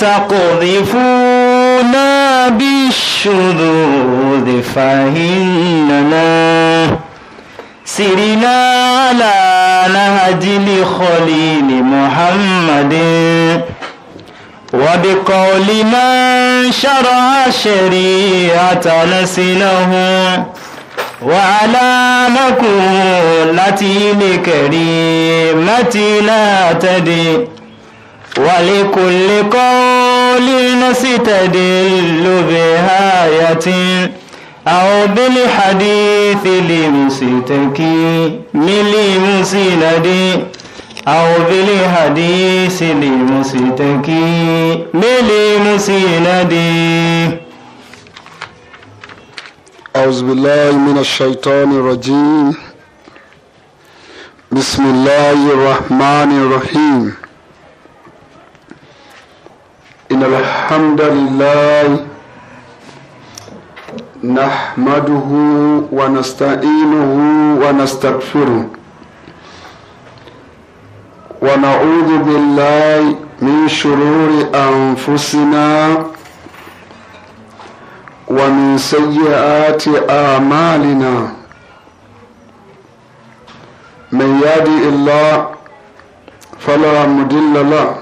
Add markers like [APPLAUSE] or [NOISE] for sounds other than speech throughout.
تقذفونا بالشذوذ فإننا سرنا على نهج الخليل محمد وبقول من شرع شريعة نسله وعلى مكونته لكريمتنا تدي ولكل قول ستدل بآية أو بالحديث لمستكي لمسند أو بالحديث لمستكي لمسند أعوذ بالله من الشيطان الرجيم بسم الله الرحمن الرحيم إن الحمد لله نحمده ونستعينه ونستغفره ونعوذ بالله من شرور أنفسنا ومن سيئات أعمالنا من يهدي الله فلا مضل له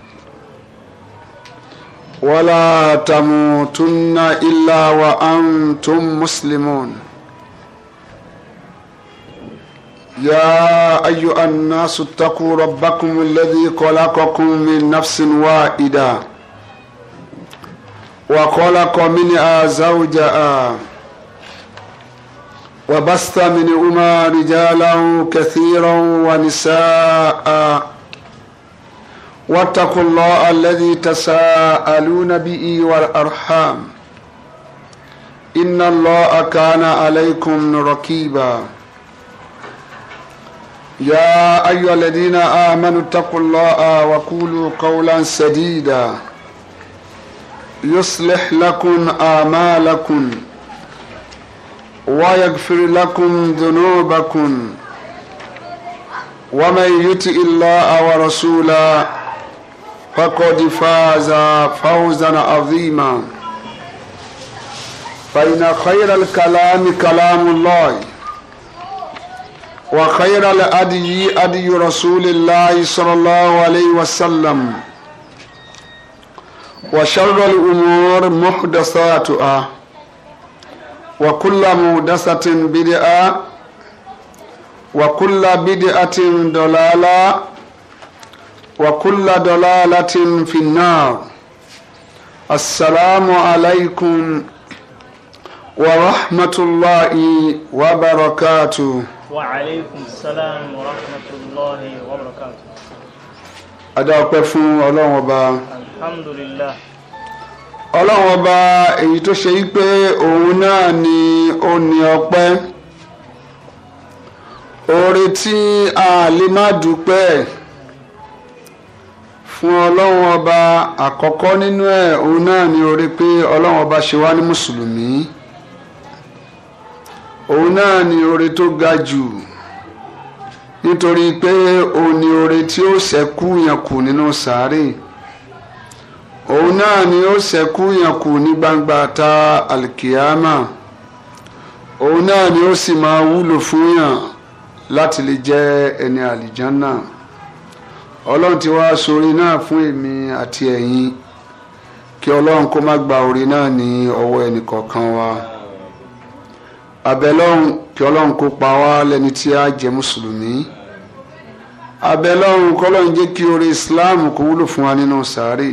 ولا تموتن إلا وأنتم مسلمون يا أيها الناس اتقوا ربكم الذي خلقكم من نفس واحدة وخلق منها زوجها وبست منهما رجالا كثيرا ونساء واتقوا الله الذي تساءلون به والارحام إن الله كان عليكم رقيبا يا أيها الذين آمنوا اتقوا الله وقولوا قولا سديدا يصلح لكم آمالكم ويغفر لكم ذنوبكم ومن يطع الله ورسوله فقد فاز فوزا عظيما فإن خير الكلام كلام الله وخير الأدي أدي رسول الله صلى الله عليه وسلم وشر الأمور محدثاتها وكل محدثة بدعة وكل بدعة ضلالة وكل ضلالة في النار السلام عليكم ورحمة الله وبركاته وعليكم السلام ورحمة الله وبركاته adáwọ̀pẹ́ fún ọlọ́run ọba alhamdulillah ọlọ́run ọba èyí tó ṣe yí pé òun náà ni ó ní ọpẹ́ oore tí a lè má dúpẹ́ ẹ̀ fún ọlọ́run ọba àkọ́kọ́ nínú ẹ̀ òun náà ni oore pé ọlọ́run ọba ṣe wá ní mùsùlùmí òun náà ni oore tó ga jù nítorí pé òun ni oore tí ó ṣẹ́kù yẹn kù nínú sàárè òun náà ni ó ṣẹ́kù yẹn ní gbangba ta alkiyama òun náà ni ó sì máa wúlò fún yàn láti lè jẹ́ ẹni àlìjánná ọlọ́run ti wá sórí náà fún èmi àti ẹ̀yin kí ọlọ́run kó má gba orí náà ní ọwọ́ ẹnìkọ̀ọ̀kan wa abẹ́lọ́run kí ọlọ́run kó pa wá lẹ́ni tí a jẹ́ mùsùlùmí abẹ́lọ́run kọ́lọ́run jẹ́ kí orí Islam kó wúlò fún wa nínú sàárè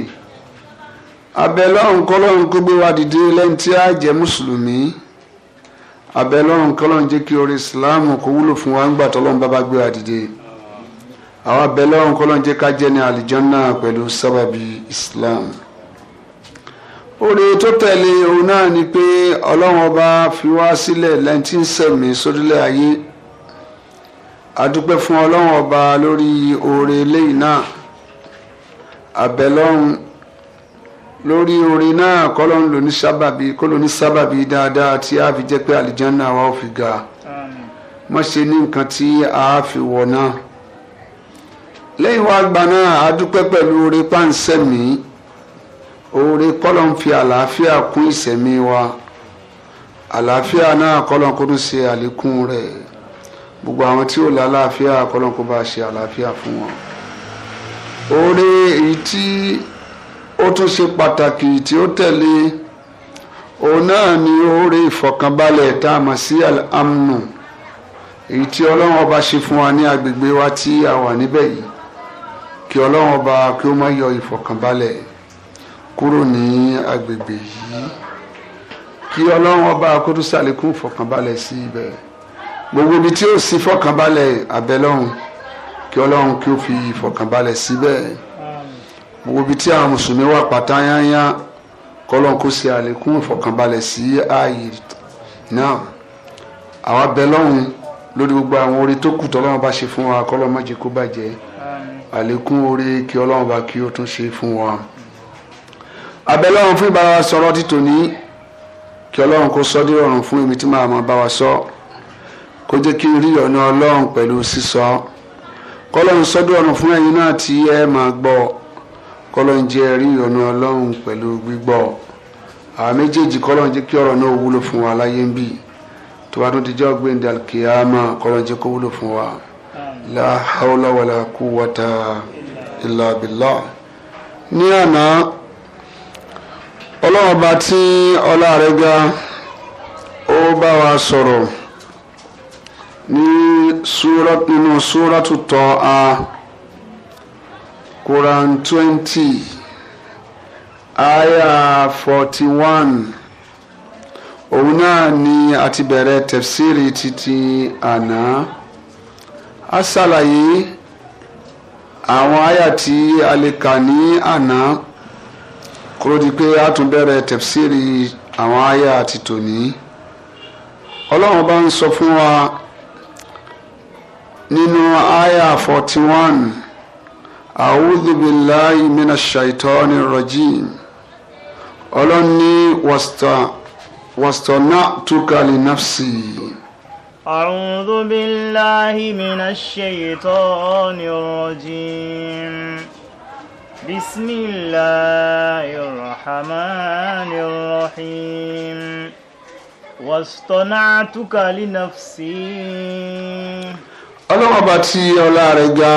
abẹ́lọ́run kọ́lọ́run kó gbé wa dìde lẹ́ni tí a jẹ́ mùsùlùmí abẹ́lọ́run kọ́lọ́run jẹ́ kí orí Islam kó wúlò fún wa ńgbà tọ́lọ́run bá bá gbé wa dìde àwọn abẹ́lẹ́ ọ̀hún kọ́lọ́n jẹ́ ká jẹ́ ní àlìjọ́nà pẹ̀lú sábàbí Islam oore tó tẹ̀lé òun náà ni pé ọlọ́run ọba fi wá sílẹ̀ lẹ́yìn tí ń sẹ̀mí sódílẹ̀ ayé adúpẹ́ fún ọlọ́run ọba lórí oore eléyìí náà abẹ́lọ́run lórí oore náà kọ́lọ́n ló ní sábàbí kó ló ní sábàbí dáadáa tí a fi jẹ́ pé àlìjọ́nà wa ò fi ga mọ́ ṣe ní nǹkan tí a fi wọ̀ náà lẹ́yìn wá gbà náà a dúpẹ́ pẹ̀lú oore páǹsẹ́mi oore kọ́lọ́n fi àlàáfíà kún ìsẹ̀mí wa àlàáfíà náà kọ́lọ́n kó tún ṣe àlékún rẹ̀ gbogbo àwọn tí ò lálàáfíà kọ́lọ́n kó bá ṣe àlàáfíà fún wọn. oore èyí tí ó tún ṣe pàtàkì tí ó tẹ̀lé òun náà ni oore ìfọ̀kànbalẹ̀ tá a mọ̀ sí amnu èyí tí ọlọ́run ọba ṣe fún wa ní agbègbè wa tí a wà níbẹ̀ yìí kí ọlọ́run ọba kí ó má yọ ìfọ̀kànbalẹ̀ kúrò ní agbègbè yìí kí ọlọ́run ọba kó tó ṣàlékún ìfọ̀kànbalẹ̀ sí ibẹ̀ gbogbo ibi tí ó sì fọ̀kànbalẹ̀ abẹ́lọ́run kí ọlọ́run kí ó fi ìfọ̀kànbalẹ̀ síbẹ̀ gbogbo ibi tí àwọn mùsùlùmí wà pátá yányá kọ́lọ́n kó ṣe àlékún ìfọ̀kànbalẹ̀ sí ààyè náà àwọn abẹ́lọ́run lórí gbogbo àwọn orí tó kù tọ́lọ́run bá ṣe fún wa kọ́lọ́n má jẹ́ kó bàjẹ́ àlékún oore kí ọlọ́run bá kí ó tún ṣe fún wa abẹ́lọ́run fún ìbára wa sọ̀rọ̀ títò ní kí ọlọ́run kó sọ́ dírọ̀rùn fún èmi tí màá máa bá wa sọ kó jẹ́ kí n rí ọ̀nà ọlọ́run pẹ̀lú sísọ kọ́lọ́run sọ́ dírọ̀rùn fún ẹ̀yin náà tí ẹ máa gbọ́ kọ́lọ́run jẹ́ rí ọ̀nà ọlọ́run pẹ̀lú gbígbọ́ àwọn méjèèjì kọ́lọ́run jẹ́ kí ọ̀rọ̀ náà wúlò fún wa láyé ń bì tó bá tún ti jẹ́ ọ̀gbìn dàlkìyàmà kọ́lọ́run jẹ́ kó wúlò fún wa la haula wala quwwata illa billah ní àná ọlọ́run ọba tí ọlá rẹ̀ ga ó bá wa sọ̀rọ̀ ní súrà nínú súratu Taha Quran twenty aya forty one òun náà ni a ti bẹ̀rẹ̀ tafsiri títí àná a ṣàlàyé àwọn àyà tí a lè kà ní àná kúrò di pé a tún bẹ̀rẹ̀ tẹ̀fsíìrì àwọn àyà ti tòní ọlọ́run bá ń sọ fún wa nínú àyà forty one a'udhu billahi minash shaitani rajim ọlọ́run wàstọ̀ náà túkàlì nafsi. أعوذ بالله من الشيطان الرجيم بسم الله الرحمن الرحيم واصطنعتك لنفسي ọlọ́wọ́ bá ti ọlá rẹ̀ ga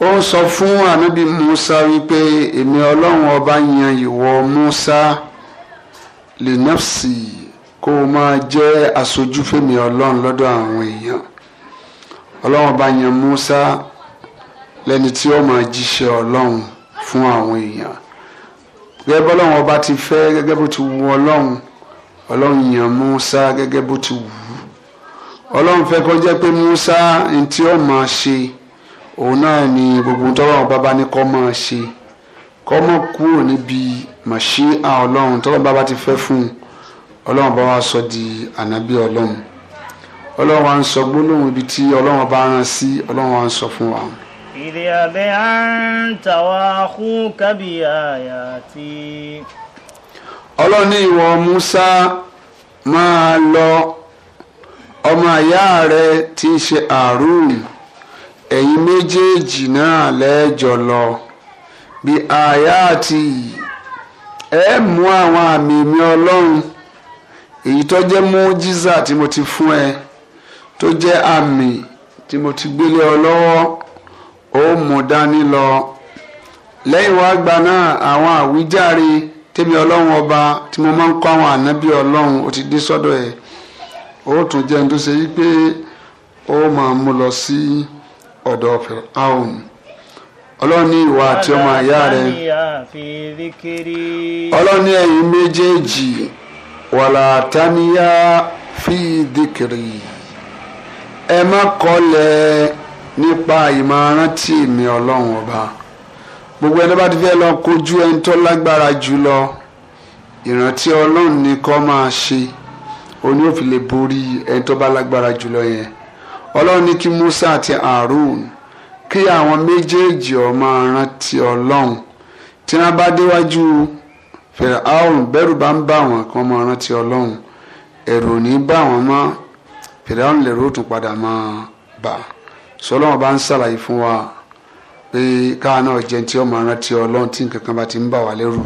ó ń sọ fún ànábì Musa wípé èmi ọlọ́run ọba yan ìwọ Musa lè nọ́ọ̀sì yìí kó o máa jẹ́ aṣojú fèmí ọlọ́run lọ́dọ̀ àwọn èèyàn ọlọ́run bá yan Musa lẹ́ni tí ó máa jíṣẹ́ ọlọ́run fún àwọn èèyàn gẹ́gẹ́ bọ́ ọlọ́run ọba ti fẹ́ gẹ́gẹ́ bó ti wù ọlọ́run ọlọ́run yan Musa gẹ́gẹ́ bó ti wù ú ọlọ́run fẹ́ kó jẹ́ pé Musa ní tí ó máa ṣe òun náà ni gbogbo tọ́lọ́run bàbá ní kó máa ṣe kó má kúrò níbi màṣí àwọn ọlọ́run tọ́lọ́run bàbá ti fẹ́ fún un ọlọ́run bá wa sọ di ànábì ọlọ́run ọlọ́run wa ń sọ gbólóhùn ibi tí ọlọ́run bá rán sí ọlọ́run wa sọ fún wa. ìdí àbẹ́ à ń tàwa kú kábí àyà tí. ọlọ́run ní ìwọ Musa máa lọ ọmọ ìyá rẹ tí í ṣe Àrùn ẹ̀yin méjèèjì náà lẹ́jọ lọ bí àyà àti ẹ̀ mú àwọn àmì mi ọlọ́run èyí tó jẹ́ mọ́jísà tí mo ti fún ẹ tó jẹ́ àmì tí mo ti gbélé ọ lọ́wọ́ ó mú dání lọ lẹ́yìn wá gba náà àwọn àwíjàre tèmi ọlọ́run ọba tí mo máa ń kọ́ àwọn ànábì ọlọ́run ó ti dé sọ́dọ̀ ẹ̀ ó tún jẹ́ ní tó ṣe wípé ó máa mú lọ sí ọ̀dọ̀ Fáráò ọlọ́run ní ìwà àti ọmọ àyá rẹ̀ ọlọ́run ní ẹ̀yin méjèèjì wàlà tániyà fi dìkìrì ẹ má kọlẹ̀ nípa ìmọ̀ràn tí èmi ọlọ́run ọba gbogbo ẹni bá ti fẹ́ lọ kojú ẹni tó lágbára jùlọ ìrántí ọlọ́run ni kó máa ṣe oní òfin lè borí ẹni tó bá lágbára jùlọ yẹn ọlọ́run ní kí Musa àti Harun kí àwọn méjèèjì ó máa ọlọ́run tí wọ́n bá déwájú fèrè àwọn bẹ̀rù bá ń bá wọn kan máa rántí ọlọ́run ẹ̀rù ò ní bá wọn mọ́ fèrè àwọn lè rótùn padà máa bà sọlọ́run bá ń ṣàlàyé fún wa pé káà náà jẹun tí ó máa rántí ọlọ́run tí nǹkan kan bá ti ń bà wá lẹ́rù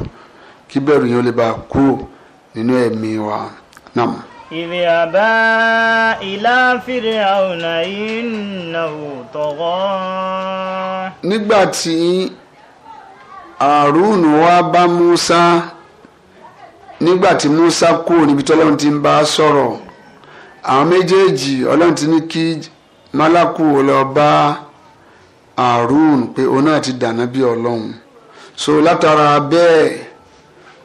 kí bẹ̀rù yẹn ó lè bá a kúrò nínú ẹ̀mí wa náà. إذ أبى إلى فرعون إنه طغى. nígbà tí àrùn wá bá Musa nígbà tí Musa kúrò níbi tí ọlọ́run ti ń bá sọ̀rọ̀ àwọn méjèèjì ọlọ́run ti ní kí malaku lọ bá Harun pé òun náà ti dànà bí ọlọ́run so látara bẹ́ẹ̀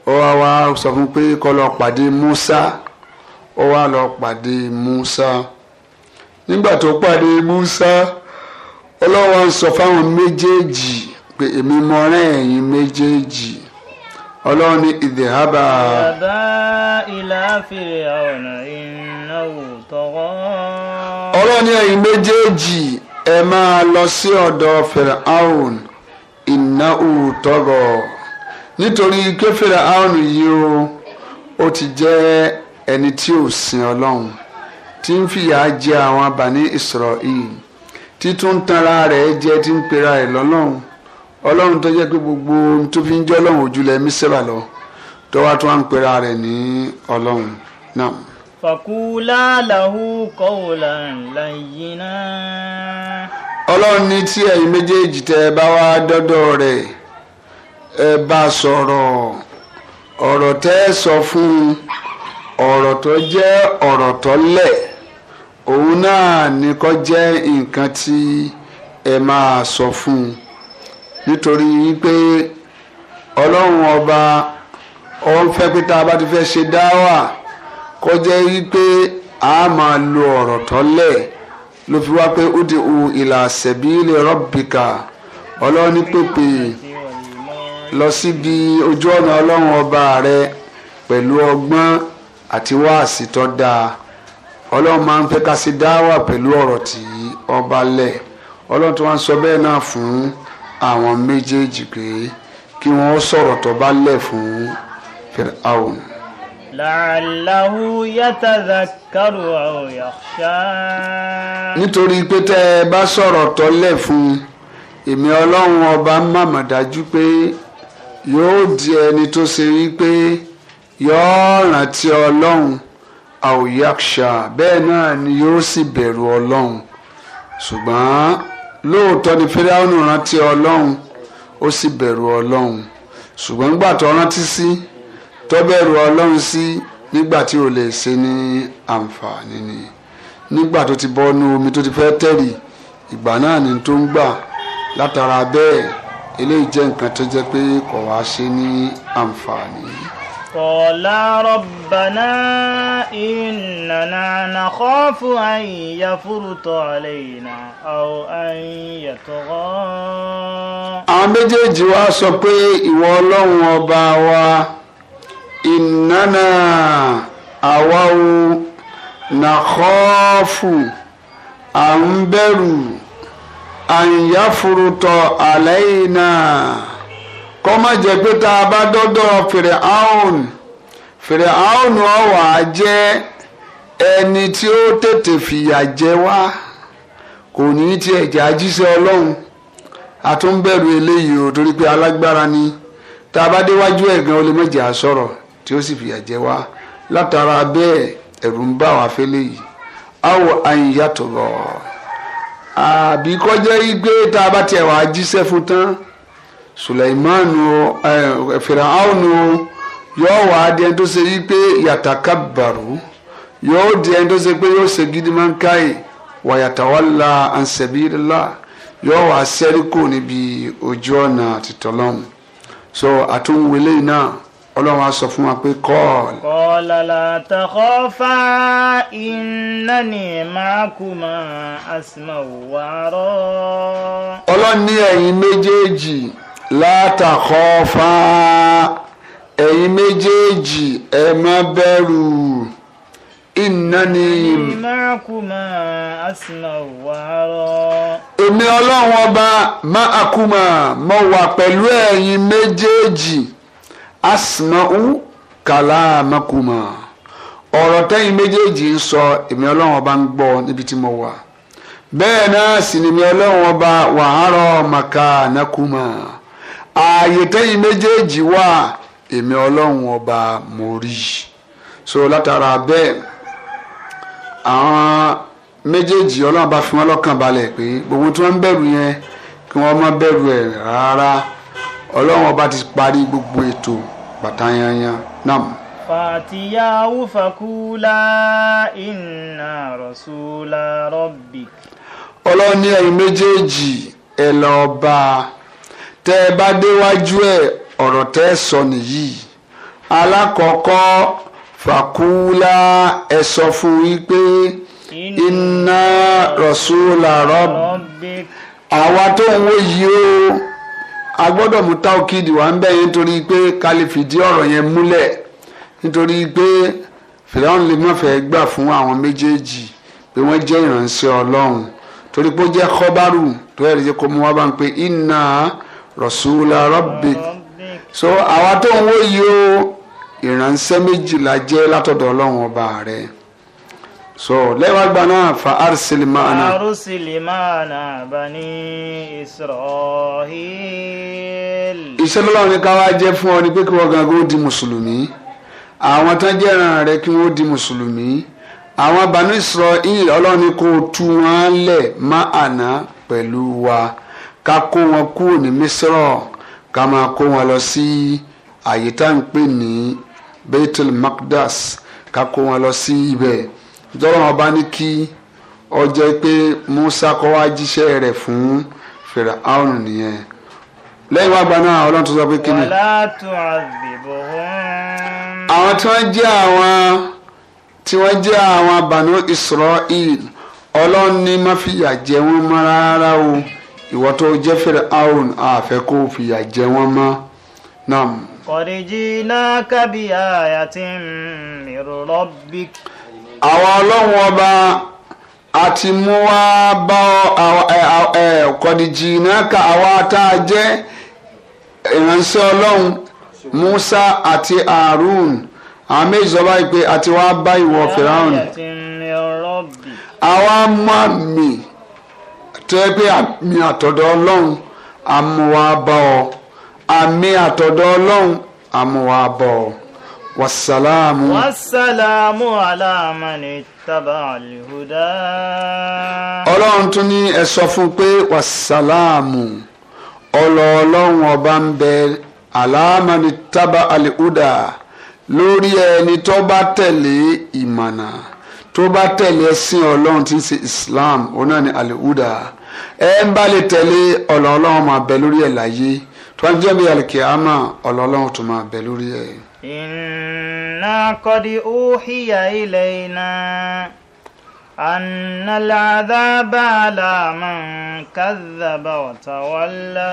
ó wá wá sọ fún pé kó lọ pàdé Musa ó wá lọ pàdé Musa nígbà tó pàdé Musa ọlọ́wọ́ ń sọ fáwọn méjèèjì pé èmi mọ rẹ́ ẹ̀yin méjèèjì ọlọ́run ní ìdìhábà. yàbá ìlà Fir'auna innahu tagha. ọlọ́run ní ẹ̀yin méjèèjì ẹ máa lọ sí ọ̀dọ̀ Fir'aun innahu tagha nítorí pé Fir'aun yìí o ó ti jẹ́ ẹni tí ò sin ọlọ́run tí ń fìyà jẹ àwọn Bani Isra'il títún tanra rẹ̀ jẹ tí ń pera ẹ̀ lọ́lọ́run ọlọ́run tó jẹ́ pé gbogbo ohun tó fi ń jẹ́ ọlọ́run ojúlẹ̀ mísírà lọ tó wá tó wá ń pera rẹ̀ ní ọlọ́run náà. fàkúlà làhù kọ́wòlà làyìnà. ọlọ́run ní tí ẹ̀yin méjèèjì tẹ́ ẹ bá wá dọ́dọ̀ rẹ̀ ẹ bá sọ̀rọ̀ ọ̀rọ̀ tẹ́ ẹ sọ fún un ọ̀rọ̀ tó jẹ́ ọ̀rọ̀ tó lẹ̀ òun náà ni kó jẹ́ nǹkan tí ẹ máa sọ fún un nítorí pé ọlọ́run ọba ó ń fẹ́ pé tá a bá ti fẹ́ ṣe dáwà kó jẹ́ wípé a máa lo ọ̀rọ̀ tọ́lẹ̀ ló fi wá pé ó di hu ìlà sẹ̀bílì rọ́bìkà ọlọ́run ní pèpè lọ síbi ojú ọ̀nà ọlọ́run ọba rẹ pẹ̀lú ọgbọ́n àti wáàsí tó dáa ọlọ́run máa ń fẹ́ ká ṣe dáwà pẹ̀lú ọ̀rọ̀ tí ọba lẹ̀ ọlọ́run tó wá ń sọ bẹ́ẹ̀ náà fún un àwọn méjèèjì pé kí wọ́n sọ̀rọ̀ tó bá lẹ̀ fún Fir'aun. la'allahu yatadhakkaru aw yakhsha. nítorí pé tẹ́ ẹ bá sọ̀rọ̀ tó lẹ̀ fún èmi ọlọ́run ọba màmá dájú pé yóò di ẹni tó ṣe rí pé yóò rántí ọlọ́run aw yakhsha náà ni yóò sì bẹ̀rù ọlọ́run ṣùgbọ́n lóòótọ́ ni fẹ́rẹ́hónù rántí ọlọ́run ó sì bẹ̀rù ọlọ́run ṣùgbọ́n nígbà tó rántí sí tó bẹ̀rù ọlọ́run sí nígbà tí ò lè ṣe ní àǹfààní ni nígbà tó ti bọ́nú omi tó ti fẹ́ tẹ̀rì ìgbà náà ni tó ń gbà látara bẹ́ẹ̀ eléyìí jẹ́ nǹkan tó jẹ́ pé kò wá ṣe ní àǹfààní. قالا ربنا إننا نخاف أن يفرط علينا أو أن يطغى àwọn méjèèjì wá sọ pé ìwọ ọlọ́run ọba wa ìnáná àwa o nàkọ́ọ̀fù à ń bẹ̀rù àyàfùrùtọ̀ àlẹ́yìn náà kọ́ má jẹ́ pé tá a bá dọ́dọ̀ fèrè áhùn fèrè áhùn ọ̀wà jẹ́ ẹni tí ó tètè fìyà jẹ wá kò ní tiẹ̀ jẹ́ ajíṣẹ́ ọlọ́run a tún bẹ̀rù eléyìí o torí pé alágbára ni tá a bá déwájú ẹ̀ gan o lè tí ó sì fìyà jẹ wá látara bẹ́ẹ̀ ẹ̀rù ń bà wá fẹ́lẹ́ yìí àwọ̀ àyìnyàtọ̀ rọ̀ àbí kọjá igbe tá a bá tiẹ̀ wá jíṣẹ́ fún tán Sùlẹ̀mánù eh, Fìràáhùnù yóò wá di ẹni tó ṣe yí pé yàtàkà bàrú yóò di ẹni tó ṣe pé yóò ṣe gidi máa ń káyè wàyàtàwálà ànsẹ̀bílá yóò wá sẹ́rí kù níbi ojú ọ̀nà àtìtọ́lọ́hùn so àtúnwélé náà ọlọ́run á sọ fún wa pé kọ́ọ̀l. kọ́ọ̀lá la takhafa innani ma'akuma asma'u wàárọ̀. ọlọ́run ní ẹ̀yin méjèèjì. látàkọ́fà ẹ̀yin méjèèjì ẹ má bẹ̀rù ìnáni. ìmáàkùmá àsìnà wàárọ̀. èmi ọlọ́run ọba máàkùmá mo wà pẹ̀lú ẹ̀yin méjèèjì àsìnà kàlámàkùmá ọ̀rọ̀ tẹ́yin méjèèjì ń sọ èmi ọlọ́run ọba ń gbọ́ níbi tí mo wà bẹ́ẹ̀ náà sì ni mi ọlọ́run ààyè tẹ́yìn méjèèjì wà èmi ọlọ́run ọba mo rí i so látara bẹ́ẹ̀ àwọn méjèèjì ọlọ́run bá fi wọ́n lọ́kàn balẹ̀ pé gbogbo tí wọ́n ń bẹ̀rù yẹn kí wọ́n má bẹ̀rù ẹ̀ rárá ọlọ́run ọba ti parí gbogbo ètò bàtà náà. fàtíyàwó fakúlá iná rọ̀ṣúlá rọ̀bì. ọlọ́run ní ẹ̀yin méjèèjì ẹ lọ́ọ́ bá a tẹ́ ẹ bá déwájú ẹ̀ ọ̀rọ̀ tẹ́ ẹ sọ nìyí alákọ̀ọ́kọ́ fàkúlà ẹ sọ fún yín pé iná rọ̀ṣúlà rọ́bì àwa tó ń wó yìí o a gbọ́dọ̀ mú táwọ́kìdì wá ń bẹ̀ yín torí pé ká lè fìdí ọ̀rọ̀ yẹn múlẹ̀ nítorí pé fìlàwọn lè má fẹ́ gbà fún àwọn méjèèjì pé wọ́n jẹ́ ìránṣẹ́ ọlọ́run torí pé ó jẹ́ kọ́bárù tó yẹ kó mú wá bá ń pe iná rọ̀ṣúlá rọ́bì so àwa tó ń wòye o ìránṣẹ́ méjìlá jẹ́ látọ̀dọ̀ ọlọ́run ọba rẹ̀ so lẹ́wà gba náà fa arsili maana. arsili maana bani Israel. iṣẹ́ lọ́lọ́run ni ká wá jẹ́ fún ọ ni pé kí wọ́n gan kó di mùsùlùmí àwọn tán jẹ́ ìran rẹ̀ kí wọ́n di mùsùlùmí àwọn bani israhil ọlọ́run ni kò tú wọn lẹ̀ máa àná pẹ̀lú wa ká kó wọn kúrò ní misrọ ká máa kó wọn lọ sí àyè tá à ń pè ní Baitul Maqdas ká kó wọn lọ sí ibẹ̀ jọlọ wọn bá ní kí ó pé Musa kọ wá jíṣẹ́ rẹ̀ fún Firaun nìyẹn lẹ́yìn wá gbaná ọlọ́run tó sọ pé kí àwọn tí wọ́n jẹ́ àwọn tí wọ́n jẹ́ àwọn Banu Israel ọlọ́run ní má fìyà jẹ wọ́n mọ́ rárá o ìwọ tó jẹ́ fèrè aarón àfẹ́ kó fìyà jẹ wọ́n mọ́ nam. kọ̀díjì náà kábí àyà tí mi rọ́bì. àwọn ọlọ́run ọba àti mú wá bá kọ̀díjì náà ká àwa tá a jẹ́ ìránṣẹ́ ọlọ́run musa àti aarón àwọn méjì sọ báyìí pé àti wá bá ìwọ fèrè àwa máa mì tó yẹ pé àmì àtọ̀dọ̀ ọlọ́run àmúwá bá ọ àmì àtọ̀dọ̀ ọlọ́run àmúwá bá ọ wasalaamu. wasalaamu alaamani taba alihuda. ọlọ́run tún ní ẹ sọ fún pé wasalaamu ọlọ́ọ̀lọ́run ọba ń bẹ alaamani taba alihuda lórí ẹni tó bá tẹ̀lé ìmọ̀nà tó bá tẹ̀lé ẹ̀sìn ọlọ́run tí ń ṣe islam òun náà ni alihuda ẹ ń bá lè tẹ̀lé ọ̀lọ́ ọlọ́run máa bẹ lórí ẹ̀ láyé tó bá jẹ́ bí alikiyama ọ̀lọ́ ọlọ́run tó máa bẹ lórí ẹ̀. inna qad uhiya ilayna anna al-adhaba ala man kadhaba wa tawalla.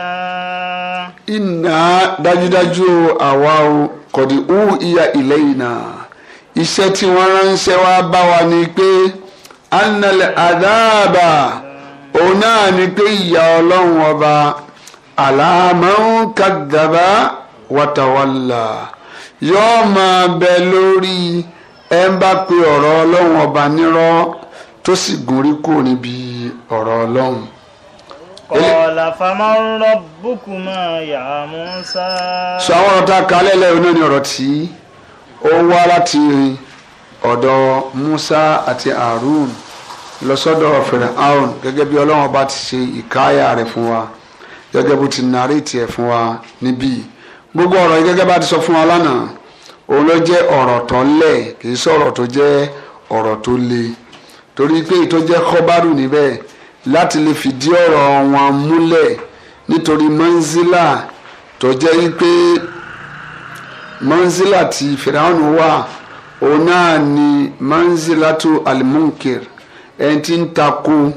inna dájúdájú àwa o qad uhiya ilayna iṣẹ́ tí wọ́n ránṣẹ́ wá bá wa ni pé annalẹ̀ àdáàbà òun náà ni pé ìyá ọlọ́run ọba àlàmáhùn kàdàbà wàtàwàlà yóò máa bẹ lórí ẹ ń bá pe ọ̀rọ̀ ọlọ́run ọba nírọ́ tó sì gúnrí kúrò níbi ọ̀rọ̀ ọlọ́run. Kọ̀ọ̀là faman rabbukuma ya Musa. Sọ àwọn ọ̀rọ̀ tá a kalẹ̀ lẹ́yìn náà ọ̀rọ̀ tí ó wá láti ọ̀dọ̀ Musa àti Harun lọ́sọ́dọ̀ Firaun gẹ́gẹ́ bí ọlọ́run ọba ti ṣe ìkáyà rẹ̀ fún wa gẹ́gẹ́ bó ti nàrétì ẹ̀ fún wa níbí gbogbo ọ̀rọ̀ yìí gẹ́gẹ́ bá ti sọ fún wa lánàá òun ló jẹ́ ọ̀rọ̀ tó lẹ̀ kì í sọ̀rọ̀ tó jẹ́ ọ̀rọ̀ tó le torí pé ètò jẹ́ kọ́bárù níbẹ̀ láti lè fìdí ọ̀rọ̀ wọn múlẹ̀ nítorí mọ́ńsílà tó jẹ́ wípé manzilati ti wa wà ni manzilatu alimunkir ẹni tí ń tako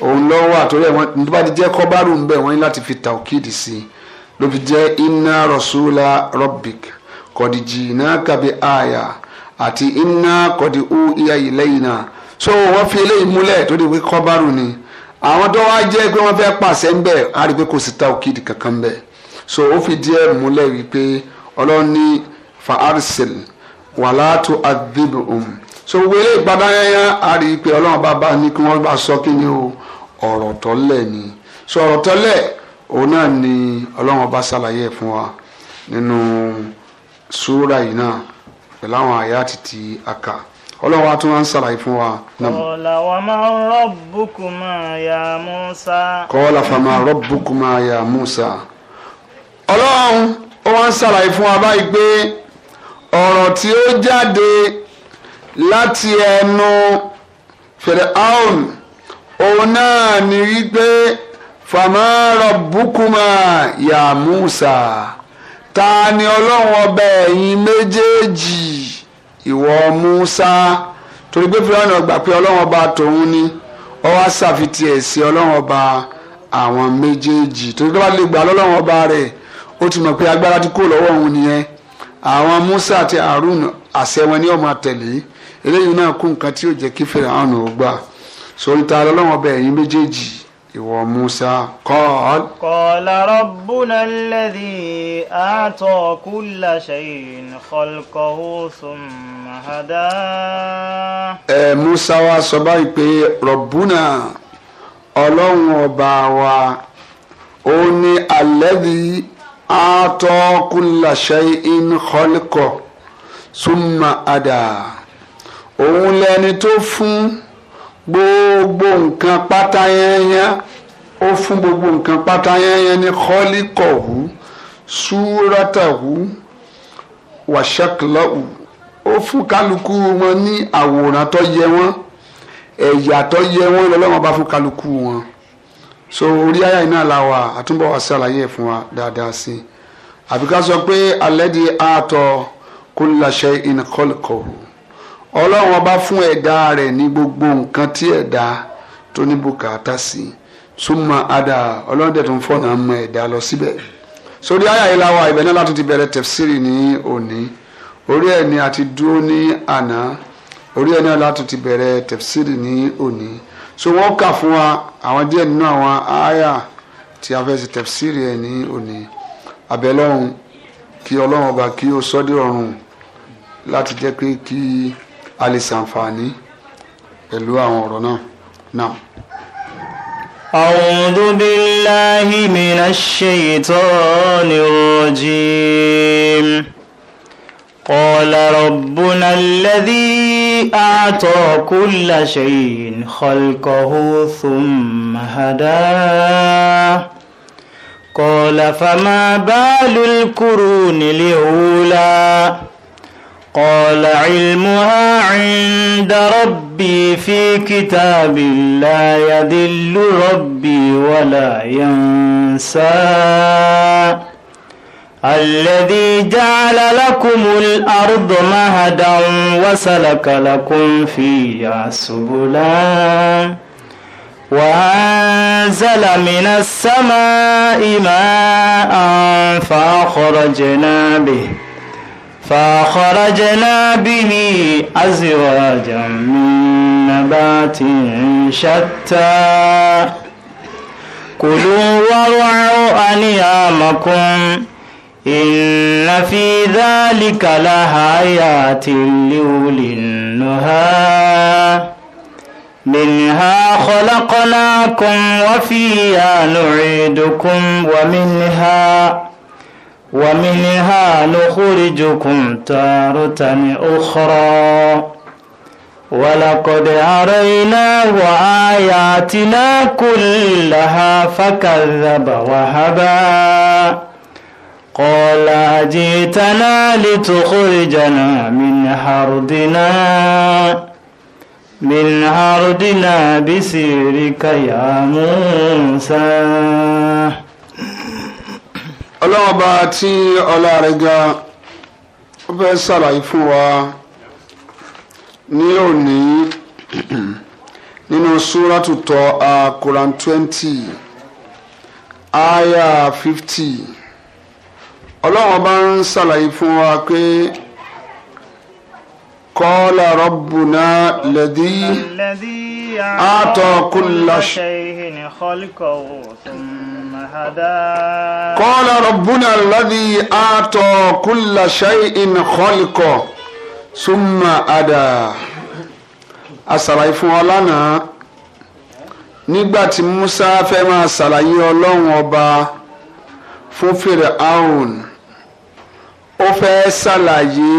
òun lọ wà wọn tó bá ti jẹ́ fi tàwùkìdì sí i ló fi jẹ iná rasúlà rọ́bìk kọ̀dìjì náà kàbí àyà àti iná kọ̀dì ó ìyá yìí náà so wọ́n fi eléyìí múlẹ̀ tó di pé kọ́bárù ni àwọn tó wá pé pàṣẹ so ó fi díẹ̀ múlẹ̀ wípé ọlọ́run ní fa arsil wàláàtú adébùm so wẹ́lẹ́ ìgbàdáyáyá a rí i pé ọlọ́run bá bá ní kí wọ́n bá sọ kí ni o ọ̀rọ̀ tọ́lẹ̀ ni so ọ̀rọ̀ tọ́lẹ̀ òun náà ni ọlọ́run bá ṣàlàyé fún wa nínú súrà yìí náà pẹ̀lú àwọn àyà títí àkà ọlọ́run wa tún wá ń ṣàlàyé fún wa. kọ́ọ̀là wà máa rabbukuma ya Musa. kọ́ọ̀là fà máa rabbukuma ya Musa ọlọ́run ó wá ń ṣàlàyé fún wa báyìí pé ọ̀rọ̀ tí ó jáde láti ẹnu Fir'aun òun náà ní wípé fàmọ́rọ̀ búkúmà yà Musa ta ni ọlọ́run ọba ẹ̀yin méjèèjì ìwọ Musa torí pé Fir'aun gbà pé ọlọ́run ọba tòun ni ó wá ṣàfitì ẹ̀ sí ọlọ́run ọba àwọn méjèèjì torí pé wọ́n lè gbà lọ́lọ́run ọba rẹ̀ ó ti mọ̀ pé agbára ti kó lọ́wọ́ òun nìyẹn àwọn Musa àti Harun àṣẹ wọn ni ó máa eléyìí náà kú nǹkan tí yóò jẹ́ kí fèrè àwọn ò gbà sórí ta lọ́wọ́ ọbẹ̀ ẹ̀yìn méjèèjì ìwọ Musa kọ́ọ̀l. qala rabbuna alladhi a'ta kulla shay'in khalqahu thumma hada. ẹ Musa wa sọ báyìí pé rabbuna ọlọ́run ọba wa ó ní alladhi aatọ kulla shay'in khalqa summa ada òun lẹni tó fún gbogbo nǹkan pátá yẹnyẹn ó fún gbogbo nǹkan pátá yẹnyẹn ní khalqahu suratahu wa shaklahu ó fún kálukú wọn ní àwòrán tó yẹ wọn ẹ̀yà tó yẹ wọn lọ́lọ́wọ́n bá fún kálukú wọn so orí àyà iná la wà àtúbọ̀ wá ṣàlàyé fún wa dáadáa sí i àfi ká sọ pé alladhi àtọ̀ kulla shay'in khalqahu ọlọ́run ọba fún ẹ̀dá rẹ̀ ní gbogbo nǹkan tí ẹ̀dá tó ní bùkátà sí summa ada ọlọ́run dẹ̀ tó ń fọ̀nà mọ ẹ̀dá lọ síbẹ̀ sórí àyà yìí la wà ibẹ̀ náà láti ti bẹ̀rẹ̀ tafsiri ní òní orí ẹ̀ ni a dúró ní àná orí ẹ̀ láti ti bẹ̀rẹ̀ tafsiri ní òní so wọ́n kà fún wa àwọn díẹ̀ nínú àwọn àyà tí a fẹ́ ṣe tẹ̀síìrì ẹ̀ ní òní abẹ́lọ́run kí ọlọ́run ọba kí ó sọ́dí ọ̀run láti jẹ́ pé kí a lè ṣàǹfààní pẹ̀lú àwọn ọ̀rọ̀ náà náà. أعوذ بالله من الشيطان الرجيم قال ربنا الذي أعطى كل شيء خلقه ثم هداه قال فما بال القرون الأولى قال علمها عند ربي في كتاب لا يدل ربي ولا ينسى الذي جعل لكم الأرض مهدا وسلك لكم فيها سبلا وأنزل من السماء ماء فأخرجنا به فأخرجنا به أزواجا من نبات شتى كلوا وارعوا أنيامكم إن في ذلك لآيات لأولي النهى منها خلقناكم وفيها نعيدكم ومنها ومنها نخرجكم تارة أخرى ولقد أريناه آياتنا كلها فكذب وهبا قال أجئتنا لتخرجنا من أرضنا من أرضنا بسيرك يا موسى ọlọ́wọ́n bá tí ọlá rẹ̀ ga ó fẹ́ ṣàlàyé fún wa ní òní nínú súrátù tọ́ a Quran twenty aya fifty ọlọ́run ọba ń ṣàlàyé fún wa pé kọ́lá rọ́bùnà lẹ́dí àtọ̀ kúlá kọ́lá rọ́bùnà lẹ́dí àtọ̀ kúlá ṣẹ́yìn kọ́líkọ̀ súnmọ́ àdá àṣàlàyé fún wa lánàá nígbà tí Musa fẹ́ máa ṣàlàyé ọlọ́run ọba fún Firaun ó fẹ́ ṣàlàyé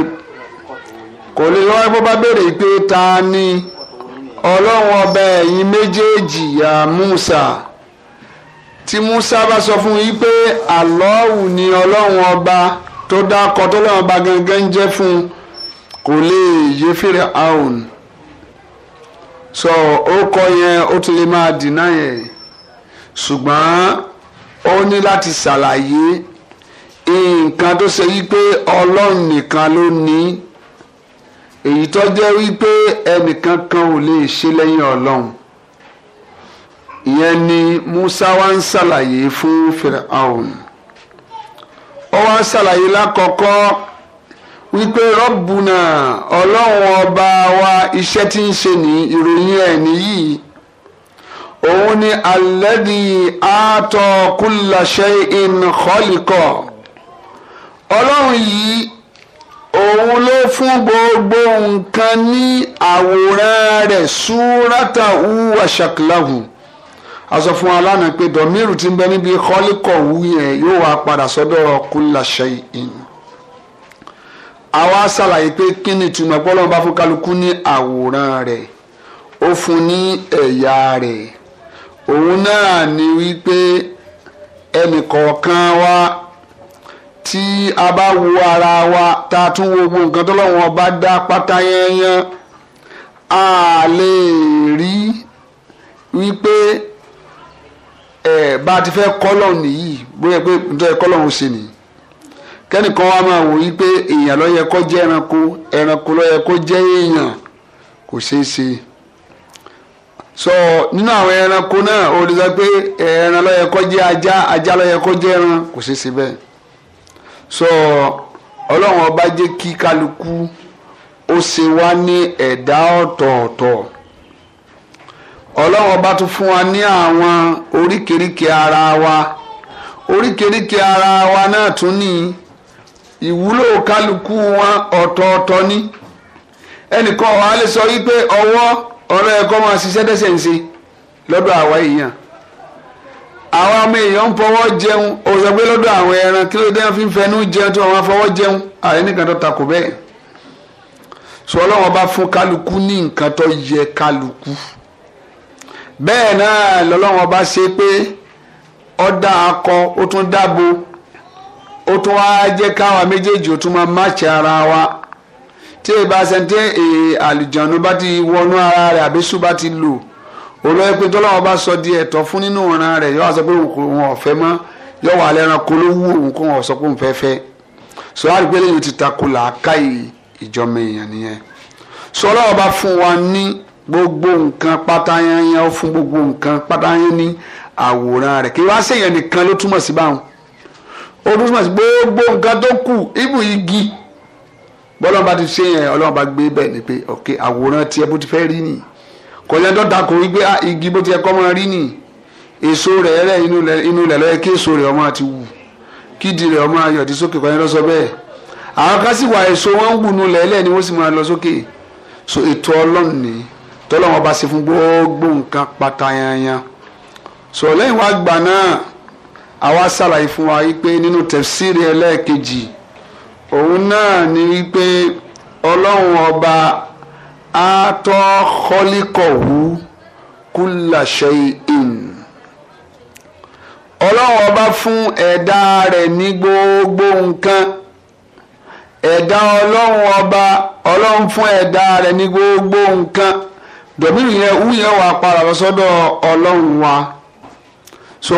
kò lè lọ́wọ́ bó bá béèrè pé ta ni ọlọ́run ọba ẹ̀yin méjèèjì ya Musa tí Musa bá sọ fún yín pé àlọ́hù ni ọlọ́run ọba tó dákọ tó lọ́wọ́ ọba gangan ń jẹ́ fún kò lè yé fèrè aun sọ ó kọ yẹn ó ti lè máa dìnnà yẹn ṣùgbọ́n ó ní láti ṣàlàyé nǹkan tó ṣe wípé ọlọ́run nìkan ló ní èyí tó jẹ́ wípé ẹnìkan kan ò lè ṣe lẹ́yìn ọlọ́run ìyẹn ni Musa wá ń ṣàlàyé fún Firaun ó wá ń ṣàlàyé lákọ̀ọ́kọ́ wípé rọ́bùnà ọlọ́run ọba wa iṣẹ́ tí ń ṣe ní ìròyìn ẹ̀ nìyí òun ni alẹ́dì àtọ̀ kúlàṣẹ́ in ọlọ́run yìí òun ló fún gbogbo nǹkan ní àwòrán rẹ̀ súrátà húwà ṣàkìláhù a sọ fún alánà pé dọ̀míìrù ti ń bẹ níbi kọ́líkọ̀ wú yẹn yóò wá padà sọ́dọ̀ kúláṣẹ́ ìyìn àwa ṣàlàyé pé kí ni ìtumọ̀ pọ́lọ́n bá fún kálukú ní àwòrán rẹ̀ ó fún ní ẹ̀yà rẹ̀ òun náà ni wípé ẹnìkọ̀ọ̀kan wa tí a bá wo ara wa tá a tún wo gbogbo nǹkan tọ́lọ́run bá dá pátá yẹ́nyẹ́n a lè rí wípé ẹ bá a ti fẹ́ kọ́lọ́n nìyí bóyá pé nítorí kọ́lọ́n ó ṣe nìyí kẹ́nìkan wa máa wò wípé èèyàn ló yẹ kó jẹ́ ẹranko ẹranko kò ṣeé ṣe sọ nínú àwọn ẹranko náà ó lè sọ pé ẹran yẹ so ọlọ́run ọba jẹ́ kí kálukú ó ṣe wá ní ẹ̀dá ọ̀tọ̀ọ̀tọ̀ ọlọ́run ọba tún fún wa ní àwọn oríkèéríkèé ara wa oríkèéríkèé ara wa náà tún ní ìwúlò kálukú wọn ọ̀tọ̀ọ̀tọ̀ ni ẹnìkan ọ̀hán lè wípé ọwọ́ ọ̀rọ̀ ẹ̀kọ́ máa ṣiṣẹ́ tẹ̀sẹ̀ ń ṣe lọ́dọ̀ àwa èèyàn àwọn ọmọ èèyàn ń fọwọ́ jẹun òyọ̀gbé lọ́dọ̀ àwọn ẹran kí ló dé wọn fi ń fẹnu jẹun tí wọn máa fọwọ́ jẹun àyè nìkan tó takò bẹ́ẹ̀ sọ ọlọ́wọ́n bá fún kálukú ní nǹkan tó yẹ kálukú bẹ́ẹ̀ náà lọ́lọ́wọ́n bá ṣe pé ọ̀dà akọ ó tún dábo ó tún wá jẹ́ káwa méjèèjì ó tún máa máàkì ara wa tí èèbà eh, àlùjọ̀nù bá ti wọnú ara rẹ̀ àbísù bá ti lò olóyè pé tọ́lọ́wọ́ bá sọ di ẹ̀tọ́ fún nínú ọ̀ràn rẹ̀ yọ wá sọ pé òun ọ̀fẹ́ mọ́ yọ wà lẹ́ran kó ló wú òun kó wọn sọ pé òun fẹ́ fẹ́ sọ wá rí pé lẹ́yìn ti takò làákàyè ìjọba èèyàn nìyẹn sọ ọlọ́wọ́ bá fún wa ní gbogbo nǹkan pátáyányá ó fún gbogbo nǹkan pátáyányá ní àwòrán rẹ̀ kí wá sèyàn nìkan ló túmọ̀ sí báwọn ó túmọ̀ sí gbogbo nǹkan tó kù ibù igi bọ́lọ́ba ti sèyàn ọlọ́ba gbé bẹ́ẹ̀ ni pé ok àwòrán tiẹ̀ bó ti fẹ́ rí nìyí kò yẹ tó takò wípé ah, igi bó ti yẹ kọ́ máa rí nì èso rẹ̀ rẹ̀ inú ilẹ̀ lọ́yẹ kí èso rẹ̀ ọmọ àti wù kídi rẹ̀ ọmọ ayọ̀ ti sókè kọ́ni lọ́sọ bẹ́ẹ̀ àwọn kan sì wà èso wọn ń wù nù lẹ́lẹ̀ ni wọ́n sì máa lọ sókè so ètò ọlọ́run ni tọ́lọ́wọ́n bá ṣe fún gbogbo nǹkan pátá yanyan so lẹ́yìn wá gbà náà àwa ṣàlàyé fún wa wípé nínú tẹ̀síìrì ẹlẹ́ẹ̀kejì òun náà ni wípé ọlọ́run ọba àtọ́ kọ́líkọ̀wú kúláṣẹ́ in ọlọ́run ọba fún ẹ̀dá rẹ̀ ní gbogbo nǹkan ẹ̀dá ọlọ́run ọba ọlọ́run fún ẹ̀dá rẹ̀ ní gbogbo nǹkan dọ̀míìrì yẹn wú yẹn wà padà lọ sọ́dọ̀ ọlọ́run wa so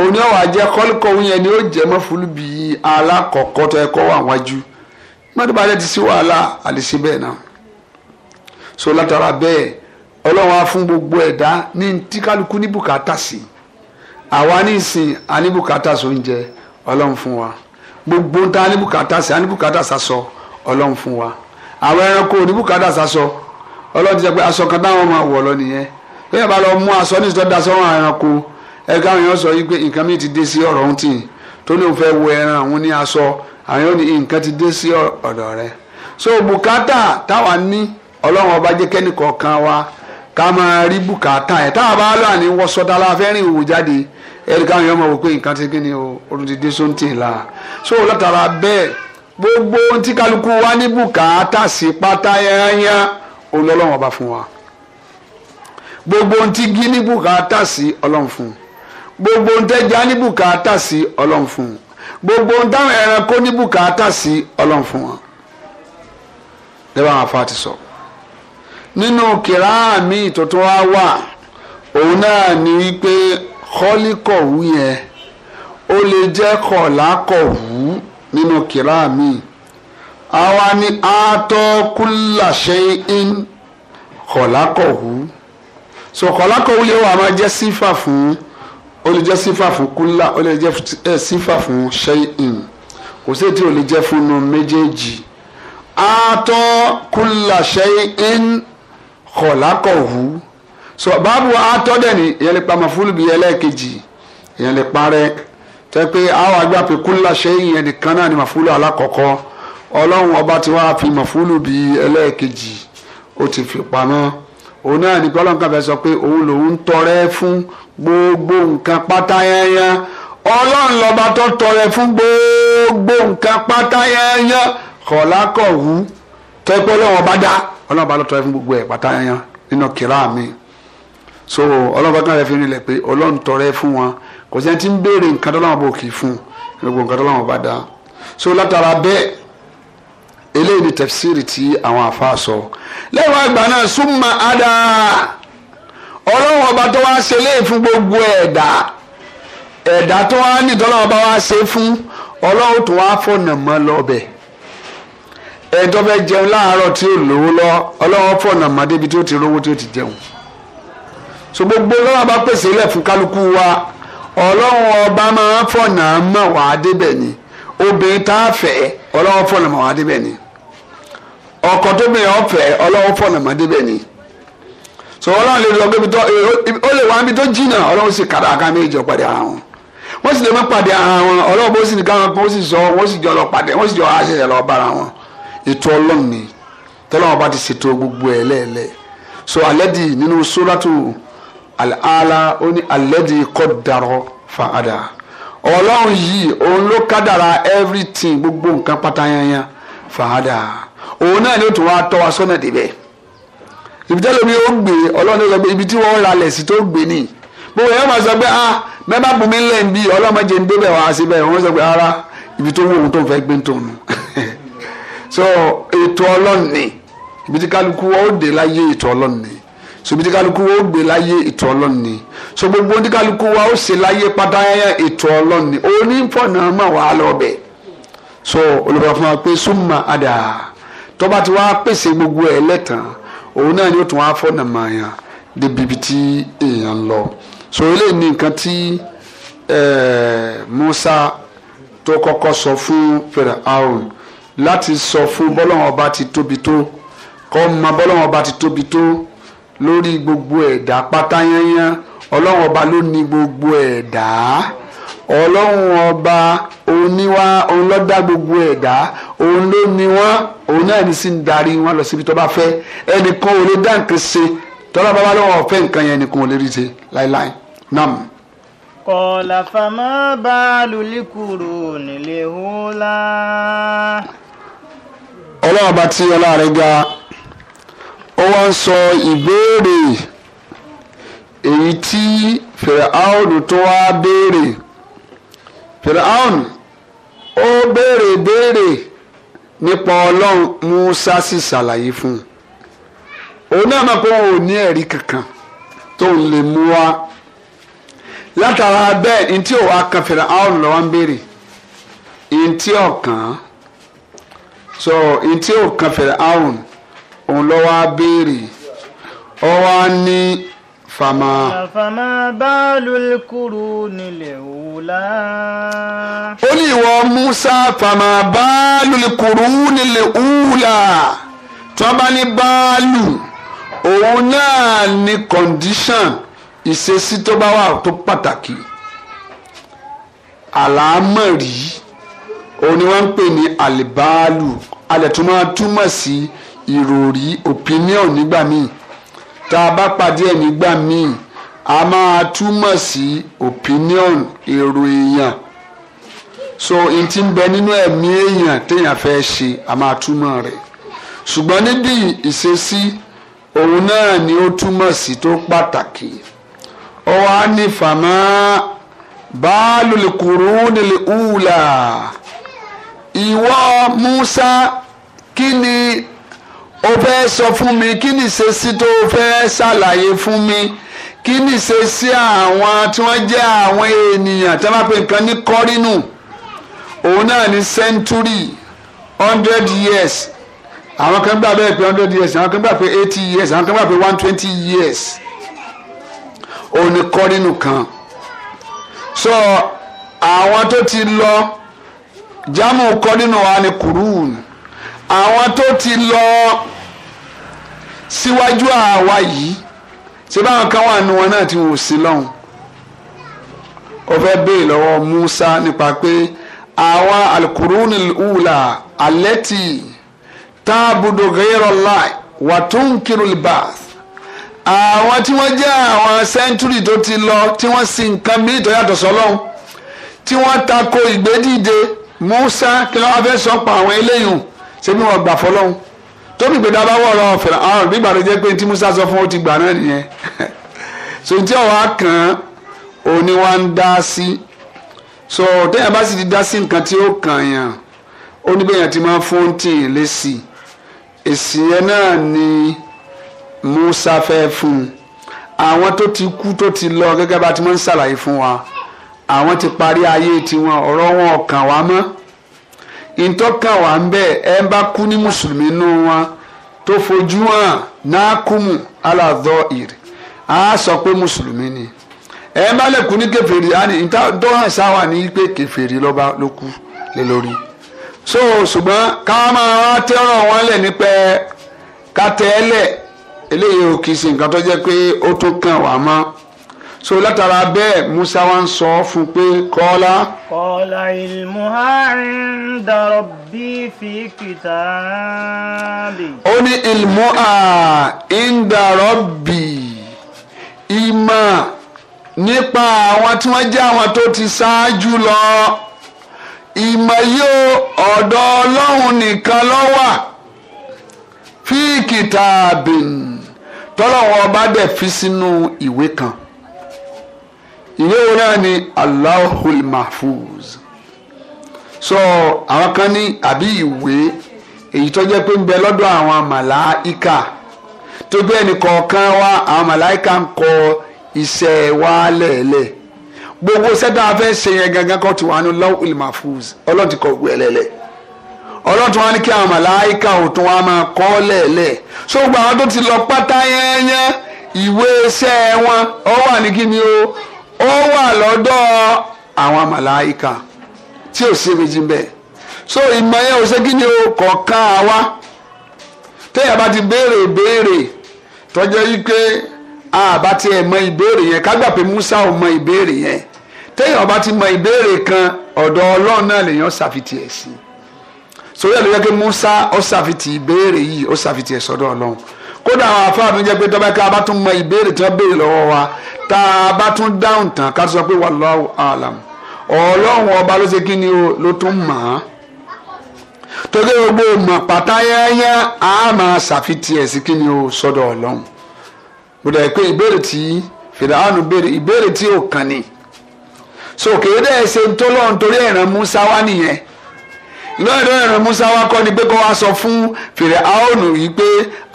òní ọ̀wà jẹ́ kọ́líkọ̀wú yẹn ni ó jẹ́ mọ́fúlù bíi alákọ̀ọ́kọ́ tó ẹ̀kọ́ wà wájú mọ́tò bá yẹ ti sí wàhálà àlè bẹ́ẹ̀ náà. so látara bẹ́ẹ̀ ọlọ́run á fún gbogbo ẹ̀dá ní tí kálukú ní bùkátà sí àwa ní ìsìn àní bùkátà sí oúnjẹ fún wa gbogbo ta ní bùkátà sí bùkátà ọlọ́run fún wa àwọn ẹranko ní bùkátà ọlọ́run ti sọ pé aṣọ kan táwọn máa wọ̀ lọ nìyẹn lọ mú aṣọ ní ìtọ́jú dasọ wọn ẹranko ẹ̀ka àwọn èèyàn sọ yìí mi ti dé sí ọ̀rọ̀ ohun tì tó ní fẹ́ ti dé sí ọ̀dọ̀ ọlọ́run ọba jẹ́ kẹ́nìkọ̀ọ̀kan wa ká máa rí bùkátà ẹ̀ tá a bá lọ àní wọ sọdá la fẹ́ rìn òwò jáde ẹ̀rí káwọn èèyàn wò pé nǹkan ti kíni o orun ti dé sóńtì la so látara bẹ́ẹ̀ gbogbo ohun tí kálukú wa ní bùkátà sí pátá yányá òun lọ́lọ́run ọba fún wa gbogbo ohun tí gí ní bùkátà sí ọlọ́run fún gbogbo ohun tẹ́já ní bùkátà sí ọlọ́run fún gbogbo ohun táwọn ẹranko ní bùkátà sí ọlọ́run fún wọn. lẹ́wọ̀n àfa ti sọ nínú kìráà míì wa tún wá wà òun náà ni wípé kọ́líkọ̀wú yẹn ó lè jẹ́ kọ̀lákọ̀wú nínú kìráà míì àwa ni àtọ́ kúláṣẹ́ kọ̀lákọ̀wú so kọ̀lákọ̀wú lè wà máa jẹ́ sífà fún ó lè jẹ́ sífà fún kúlá ó lè jẹ́ eh, sífà fún ṣẹ́ in kò sí ètò ò lè jẹ́ fún un méjèèjì àtọ́ kúláṣẹ́ kọ̀lákọ̀wú so báàbù atọ́dẹ̀ ni ìyẹn lè pa màfúlù bíi ẹlẹ́ẹ̀kejì ìyẹn lè parẹ́ tẹ́ pé àwọn àgbà pé kúlà ṣe ìyẹn nìkan náà ni màfúlù alákọ̀ọ́kọ́ ọlọ́run ọba tí wàá fi màfúlù bíi ẹlẹ́ẹ̀kejì ó ti fi pamọ́ òun náà ní gbọ́dọ̀ nǹkan fẹ́ sọ pé òun lòun ń tọrẹ fún gbogbo nǹkan pátá yẹnyẹn ọlọ́run lọ́ba tó tọrẹ fún gbogbo nǹkan pátá yẹnyẹn kọ̀lákọ̀wú tẹ́pẹ́ lọ́wọ́ bá dáa ọlọ́run bá lọ́tọ̀ ẹ fún gbogbo ẹ̀ pátá yan nínú kíra mi so ọlọ́run bá kàn rẹ fi rinlẹ̀ pé ọlọ́run tọrẹ fún wọn kò sẹ́ni tí ń béèrè nǹkan tọ́lọ́run bò kì í fún gbogbo nǹkan tọ́lọ́run bá dá so látara bẹ́ẹ̀ eléyìí ni tẹ̀fsírì tí àwọn àfa sọ lẹ́wọ̀n àgbà náà súnmọ́ àdá ọlọ́run ọba tó wá ṣe léè fún gbogbo ẹ̀dá ẹ̀dá tó wá ní tọ́lọ́run ọba wá ṣe fún ọlọ́run tó wá fọ̀nà mọ́ lọ́bẹ̀ẹ́ ẹjọ́ bẹ jẹun láàárọ̀ tí ò lówó lọ ọlọ́wọ́ fọ̀nà màdébi tí ó tí ó ti jẹun so gbogbo ọlọ́wọ́ bá pèsè ilẹ̀ fún kálukú wa ọlọ́run ọba máa ń wà débẹ̀ ni obìnrin tá a fẹ́ ni tó ni so ọlọ́run lè lọ ó lè wá jìnnà ọlọ́run sì méjì ara wọn wọ́n sì lè má ara wọn ní káwọn sì sọ wọ́n sì ètò ọlọ́run ni tọ́lọ́wọ́n bá ti ṣètò gbogbo ẹ̀ lẹ́ẹ̀lẹ́ so alẹ́dì nínú sóràtù àlá ó ní alẹ́dì kọ́ darọ́ fa àdá ọlọ́run yìí òun ló kádàrà everything gbogbo nǹkan pátáyányá fa àdá òun náà ni ó tún wá tọ́ wa sọ́nà débẹ̀ ìbítẹ́lẹ̀ mi ó gbé ọlọ́run ló gbé ibi tí wọ́n ralẹ̀ sí tó gbé nìyí bó wọ́n máa sọ pé ah mẹ́bàá bùnmi lẹ́yìn bíi ọlọ́mọdé ń débẹ̀ wá síbẹ̀ wọ́n sọ pé ara ibi tó wù òun tó fẹ́ gbé ń tòun so ètò ọlọ́run ni ibi tí kálukú wa ó dé láyé ètò ọlọ́run ni so ibi tí kálukú wa ó gbé láyé ètò ọlọ́run ni so gbogbo ní kálukú wa ó ṣe láyé pátá ètò ọlọ́run ni onífọ̀nà mà wà lọ́bẹ̀ so olùkọ́ fún wa pé súnmọ́ àdá tó bá ti wá pèsè gbogbo ẹ̀ lẹ́tàn òun náà ni ó tún wá fọ̀nà mà yàn débi ibi tí èèyàn lọ so eléyìí ni nǹkan tí eh, Musa tó kọ́kọ́ sọ fún Firaun láti sọ fún bọ́lọ́wọ́n ọba ti tóbi tó kọ́ ma bọ́lọ́wọ́n ọba ti tóbi tó lórí gbogbo ẹ̀dá pátáyányá ọlọ́wọ́n ọba ló ní gbogbo ẹ̀dá ọlọ́run ọba òun ni wá òun ló dá gbogbo ẹ̀dá òun ló ní wọ́n òun náà ní sí ń darí wọn lọ síbi tó bá fẹ́ ẹnìkan ò lè dá nǹkan ṣe tọ́lá bàbá lọ́wọ́ ọ̀fẹ́ nǹkan yẹn nìkan ò lè rí ṣe láíláí nam. kọ̀ọ̀lá fama bá lulí kúrò nílé hólà ọlọ́run bá tí ọlá rẹ̀ ga ó wá ń sọ ìbéèrè èyí tí fìràhùn tó wá béèrè fìràhùn ó béèrè béèrè nípa ọlọ́run Musa sì ṣàlàyé fún un òun náà máa kó wọn ò ní ẹ̀rí kankan tó ń lè mú wa látara bẹ́ẹ̀ ntí ò wá kan fìràhùn lọ́wọ́ ń béèrè ntí ọ̀kan so n tí ò kan fẹ̀rẹ̀ àrùn òun lọ́ wá béèrè ọ wá ní fama. fama baalul qurunil ula. ó ní ìwọ Musa fama baalul qurunil ula tí wọ́n bá ní báàlù òun náà ní condition ìṣesí tó bá wà tó pàtàkì àlámọ̀rí òun ni wọ́n ń pè ní àlìbáàlù alẹ̀ tó máa túmọ̀ sí ìròrí opinion nígbà míì tá a bá pàdé ẹ̀ nígbà míì a máa túmọ̀ sí opinion èrò èèyàn so n ti bẹ nínú ẹ̀mí èèyàn téèyàn fẹ́ ṣe a máa túmọ̀ rẹ̀ ṣùgbọ́n níbi ìṣesí òun náà ni ó túmọ̀ sí tó pàtàkì ó wá ní fàmọ́ báàlù lè kúrú nílẹ̀ ùlà ìwọ Musa kí ni o fẹ́ sọ fún mi kí ni ṣe sí tó o fẹ́ ṣàlàyé fún mi kí ni ṣe sí àwọn tí wọ́n jẹ́ àwọn ènìyàn tí wọ́n bá pe nǹkan ní kọ́rínù òun náà ní sẹ́ńtúrì hundred years àwọn kan gbà bẹ́ẹ̀ pé hundred years àwọn kan gbà pé eighty years àwọn kan gbà pé one twenty years òun ní kọ́rínù kan so àwọn tó ti lọ jámù kọ́rínù wa ní kùrúùnù àwọn tó ti lọ síwájú àwa yìí ṣé báwọn kan wà nù wọn náà ti wò sí lọ́hùn ó fẹ́ béè lọ́wọ́ Musa nípa pé àwọn alukuruni ula alẹ́tì táàbùdó gẹ́rọ̀lá wàtúnkìrùlbà àwọn tí wọ́n jẹ́ àwọn sẹ́ńtúrì tó ti lọ tí wọ́n sin nǹkan míì tó yàtọ̀ sọ́lọ́hún tí wọ́n tako ìgbédìde Musa kí ló wá fẹ́ sọ pa àwọn eléyìí ṣé bí wọ́n gbà fọlọ́hún tóbi gbèdá bá wọ̀ ọ̀rọ̀ fẹ̀rẹ̀ àwọn ah, bí gbàdúrà jẹ́ pé tí Musa sọ fún ó ti gbà náà nìyẹn [LAUGHS] so tí ọ̀wá kan òní wa ń dá sí so téèyàn bá sì ti dá sí nǹkan tí ó kàn yàn ó ní bẹ́yàn ti máa fún tì í lésì èsì yẹn náà ni Musa fẹ́ fún un àwọn tó ti kú tó ti lọ gẹ́gẹ́ bá ti máa ń ṣàlàyé fún wa àwọn ti parí ayé tiwọn ọ̀rọ̀ wọn ọ̀kàn wa mọ́ ìtọ́ka wà ń bẹ́ẹ̀ ẹ bá kú ní mùsùlùmí nù wọn tó fojú náà kùmù aláàdọ́ ìrì á sọ pé mùsùlùmí ni ẹ lɛ lè kú ní kèfèrí á ní tó hàn sáwà ní pé kèfèrí lọ́ba ló kú so ṣùgbọ́n ká máa tẹ́ràn wọn lẹ̀ nípẹ́ ká tẹ́ ẹ lẹ̀ eléyìí ò kì í ṣe nǹkan tó jẹ́ pé ó kàn wá mọ́ so látara bẹ́ẹ̀ Musa wa ń sọ fún pé kọ́lá. kọ́lá ilmuha inda rabbi fi kitabi. ó ní ilmuha inda rabbi ìmọ̀ nípa àwọn tí wọ́n jẹ́ àwọn tó ti ṣáájú lọ ìmọ̀ yóò ọ̀dọ̀ ọlọ́run nìkan ló fi kitabi tọ́lọ́wọ́ ọba dẹ̀ fi sínú ìwé kan ìwé wo náà ni Allahul Mahfuz sọ àwọn kan ní àbí ìwé èyí tó jẹ́ pé ń bẹ lọ́dọ̀ àwọn màláìka tó bí ẹnì kọ̀ọ̀kan wa àwọn màláìka ń kọ iṣẹ́ wa lẹ́ẹ̀lẹ́ẹ̀ gbogbo sẹ́dá afẹ́ ṣe yẹn gangan kan ti wà ní Lawhul Mahfuz ọlọ́run ti kọ gbogbo ẹ̀ lẹ́lẹ̀ ọlọ́run tí wọ́n ní kí àwọn màláìka ò tún máa kọ lẹ́ẹ̀lẹ̀ so gba àwọn tó ti lọ pátá yẹn yẹn ìwé iṣẹ́ wọn ọ wà ní kí ni o ó wà lọ́dọ̀ àwọn màláìka tí ò sí méjì bẹ́ẹ̀ so ìmọ̀ yẹn ò ṣe ni o bá ti béèrè béèrè tọ́jú wípé ti tiẹ̀ mọ ìbéèrè yẹn ká pé Musa ò mọ ìbéèrè yẹn ti mọ ìbéèrè kan ọ̀dọ̀ Ọlọ́run náà lèèyàn ṣàfitì ẹ̀ sí sórí ẹ̀ Musa ó ṣàfitì ìbéèrè yìí ó ṣàfitì kódà àwọn afáàmì jẹ́ pé tọ́ba ká a bá tún mọ ìbéèrè tí wọ́n béèrè lọ́wọ́ wa tá a bá tún dáhùn tán ká tó sọ pé wallahu alam ọlọ́run ọba ló ṣe kí ni o ló tún mọ̀ án torí gbogbo mọ̀ pátáyáyá a máa ṣàfitì ẹ̀ sí kí ni o sọ́dọ̀ ọlọ́run mo dẹ̀ pé ìbéèrè tí fìdáhánù béèrè ìbéèrè tí ò kàn ni so kèédé ẹ̀ ṣe ń tó lọ́run torí ẹ̀ràn Musa nìyẹn lọ́ọ̀dọ̀ ẹ̀rọ Musa wa kọ́ ni pé kó wa sọ fún fèrè aonu yìí pé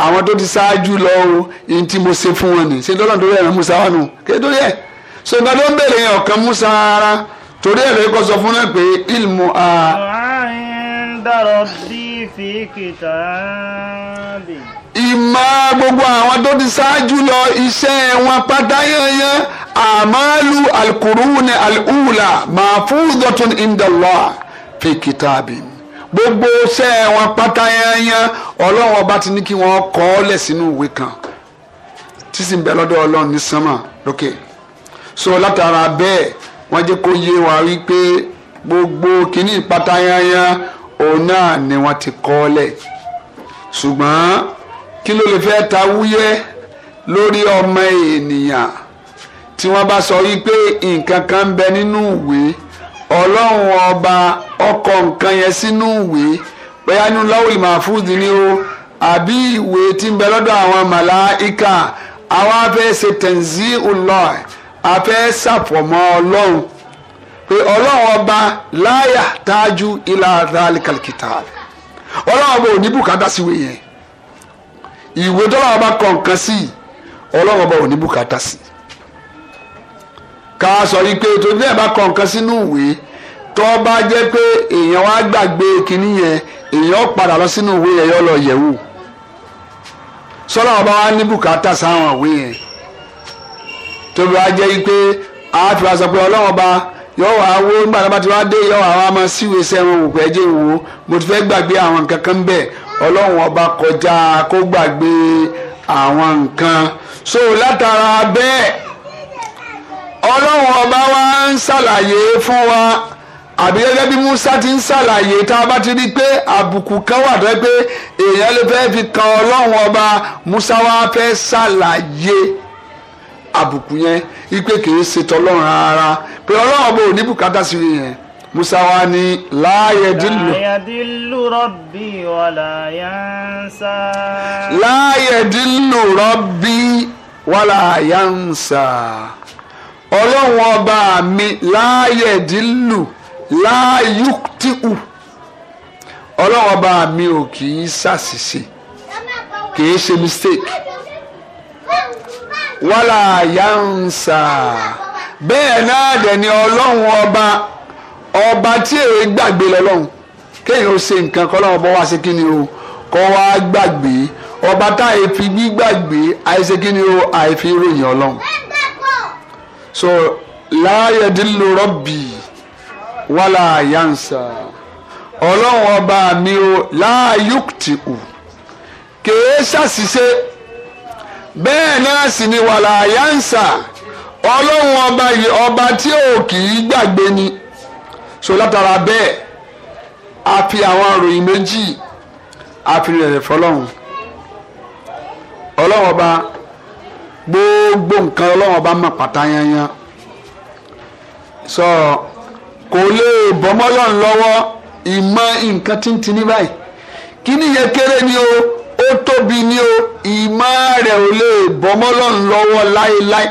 àwọn tó ti ṣáájú lọ o yìí tí mo ṣe fún wọn ni ṣe lọ́dọ̀ lórí ẹ̀rọ Musa wa nù kéde yẹ so nǹkan tó ń bèrè yẹn ọ̀kan Musa ara torí ẹ̀rọ yìí kọ́ sọ fún náà pé ilmu a. dọ̀rọ̀ bí fi kìtà bì. ìmọ̀ gbogbo àwọn tó ti ṣáájú lọ iṣẹ́ wọn pátá yányán àmàlù alukuru ni alùhùlà màfúùdọ̀tún indallah fi kìtà gbogbo iṣẹ́ wọn pátá yányán ọlọ́run ọba ti ní kí wọ́n kọ ọ́ lẹ̀ sínú ìwé kan tí sì ń bẹ lọ́dọ̀ ọlọ́run ní sánmà lókè so látara bẹ́ẹ̀ wọ́n jẹ́ kó yé wa wípé gbogbo kínní pátá yányán òun náà ni wọ́n ti kọ ọ́ lẹ̀ ṣùgbọ́n kí ló lè fẹ́ ta wúyẹ́ lórí ọmọ ènìyàn tí wọ́n bá sọ wípé nǹkan kan ń bẹ nínú ìwé. ọlọ́run ọba ọkọ nǹkan yẹn sínú ìwé bóyá inú lawul mahfuz ni o àbí ìwé ti ń bẹ lọ́dọ̀ àwọn màláìka àwọn afẹ́ ṣe tẹ̀sí ọlọ́ afẹ́ ṣàfọ̀mọ́ ọlọ́run pé ọlọ́run ọba láyà tájú ilà àdàlìkàlìkìtà ọlọ́run ọba ò ní bùkátà sí ìwé yẹn ìwé ọba ká sọ yìí pé torí bẹ́ẹ̀ bá kọ nǹkan sínú ìwé tó bá jẹ́ pé èèyàn wá gbàgbé kinní yẹn èèyàn padà lọ sínú ìwé yẹn yọ lọ yẹ̀ wò sọ́lá ọba wa ní bùkátà sáwọn ìwé yẹn tóbi wá jẹ́ yìí pé a fi wá sọ pé ọlọ́wọ́n ba yọ wá wó nígbà tó bá ti wá dé yọ wá wá máa síwèé sẹ́wọ̀n òkú ẹ̀jẹ̀ wò mo ti fẹ́ gbàgbé àwọn nǹkan kan bẹ́ẹ̀ ọlọ́run ọba kọjá kó gbàgbé àwọn nǹkan so látara bẹ́ẹ̀ ọlọ́run ọba wa ń ṣàlàyé fún wa àbí gẹ́gẹ́ bí Musa ti ń ṣàlàyé tá a bá ti rí i pé àbùkù kan wà tó pé èèyàn lè fẹ́ fi kan ọlọ́run ọba Musa wa fẹ́ ṣàlàyé àbùkù yẹn ipe kìí ṣe tọlọ́run rárá pé ọlọ́run ọba ò ní bùkátà sí yẹn musa wa ni láàyè dìlù. rọ́bì wàlà láàyè dìlù rọ́bì wàlà ọlọ́run ọba mi láàyè dìlù láàyùtìkù ọlọ́run ọba mi ò kì í ṣàṣìṣe kì í ṣe mistake wàlà yánsa bẹ́ẹ̀ náà dẹ̀ ni ọlọ́run ọba ọba tí èrè gbàgbé lọ́lọ́run kéèyàn ó ṣe nǹkan kọ́ lọ́wọ́ bọ́ wá sí kí ni o kọ́ wá gbàgbé ọba táyé fi gbígbàgbé àìsèkí ni o àìfi ròyìn ọlọ́run so láàyè dìlù rọ́bì wàlà yansa ọlọ́run ọba mi o láàyùkùtì ù kèé ṣàṣìṣe bẹ́ẹ̀ náà sì ni wàlà yansa ọlọ́run ọba yìí ọba tí ò kì í gbàgbé ni so látara bẹ́ẹ̀ a fi àwọn àròyìn méjì a fi rẹ̀ fọlọ́run ọlọ́run ọba gbogbo nǹkan ọlọ́run ọba mọ̀ pátá yanyan sọ kò lè bọ́mọ́lọ́n lọ́wọ́ ìmọ̀ nǹkan tíntín ní báyìí kí nìyẹn kéré ni o ó tóbi ni o ìmọ̀ rẹ̀ ò lè bọ́mọ́lọ́n lọ́wọ́ láéláé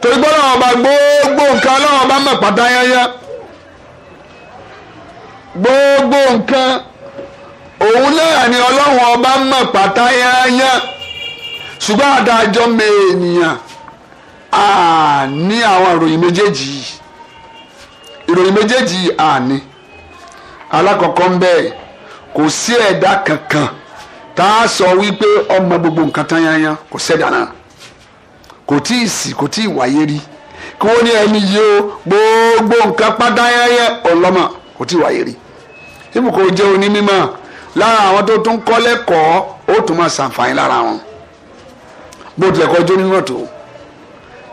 torí bọ́lá ọba gbogbo nǹkan ọlọ́run ọba mọ̀ pátá yanyan gbogbo nǹkan òun náà ni ọlọ́run ọba mọ̀ pátá yanyan ṣùgbọ́n adájọ́ mẹ́ẹ̀ẹ́nìyàn a ní àwọn ìròyìn méjèèjì ìròyìn méjèèjì a ní alákọ̀ọ́kọ́ ń bẹ́ẹ̀ kò sí ẹ̀dá kankan tá a sọ wípé ọmọ gbogbo nǹkan tán yanyan kò sẹ́dá náà kò tí ì sì kò tí ì wáyé rí kí wọ́n ní ẹni yìí o gbogbo nǹkan pátá yanyan ọlọ́mọ kò tí ì wáyé rí ibùkún jẹ́ onímọ̀ lára àwọn tó tún kọ́ lẹ́kọ̀ọ́ ó tún máa ṣàǹfààní lára wọn bó tilẹ̀ kọ́ jó nímọ̀ tó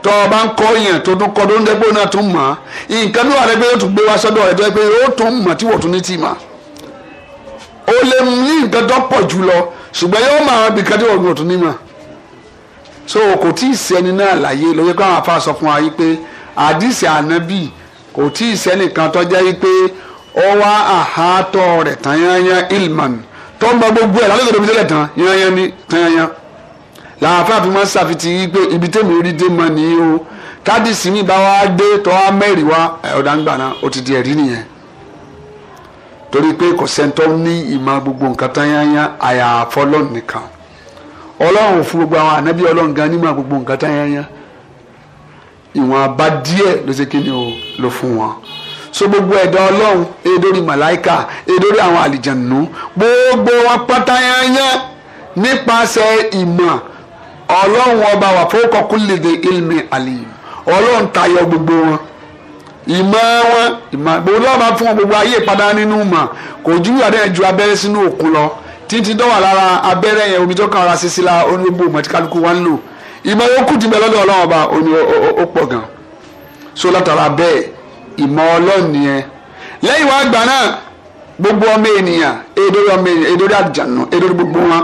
tọ́ ọ bá ń kọ́ yẹn tó tún kọ́ tó ń dẹ́gbó náà tún mọ̀ nǹkan tó wà lẹ́gbẹ́ yóò tún gbé wá sọ́dọ̀ rẹ̀ pé yóò tún mọ̀ tí wò tún ní tì mà ó lè ní nǹkan tó pọ̀ jù lọ ṣùgbọ́n yóò máa bí nǹkan tí wò ní mà so kò tí ì sẹ́ni náà láyé lóye pé àwọn afá sọ fún wa yìí pé àdìsí ànábì kò tí ì sẹ́nìkan tó jẹ́ yìí pé ó wá àhátọ́ rẹ̀ tán yányán ilman tó ń bá gbogbo ẹ̀ lálẹ́ ìdòdòmí làáfà fi máa ń ṣàfitì yí pé ibi tèmi rí dé mọ nìyí o tádìsí mi bá wá dé tọ́ á mẹ́rìí wá ọ̀dà ńgbà náà ó ti di ẹ̀rí nìyẹn torí pé kò sẹ́ńtọ́ ní ìmọ̀ gbogbo nǹkan tán yányá àyàfọ́ lọ́nù nìkan ọlọ́run fún gbogbo àwọn ànábì ọlọ́run gan nímọ̀ gbogbo nǹkan tán yányá ìwọ̀n abá díẹ̀ ló ṣe kíni o ló fún wọn so gbogbo ẹ̀dá ọlọ́run edori màláìkà edori àwọn àlìjànú gbogbo wọn pátá yányá nípasẹ̀ ìmọ̀ ọlọ́run ọba wà fowókọ kúlẹ̀ dé ilmi alim ọlọ́run tayọ gbogbo wọn ìmọ̀ wọn ìmọ̀ gbogbo lọ́wọ́ máa fún wọn gbogbo ayé ìpadà nínú mọ̀ kò ju àdéhùn ju abẹ́rẹ́ sínú òkun lọ títí dọ́wà lára abẹ́rẹ́ yẹn omi tó kàn ra sísí la onígbò mọ̀tí kálukú wa ń lò ìmọ̀ okùn ti bẹ lọ́dọ̀ ọlọ́run ọba omi ó pọ̀ gan so látara bẹ́ẹ̀ ìmọ̀ ọlọ́run nìyẹn lẹ́yìn wá gbà náà gbogbo ọmọ ènìyàn èdórí ọmọ ènìyàn èdórí àjànà èdórí gbogbo wọn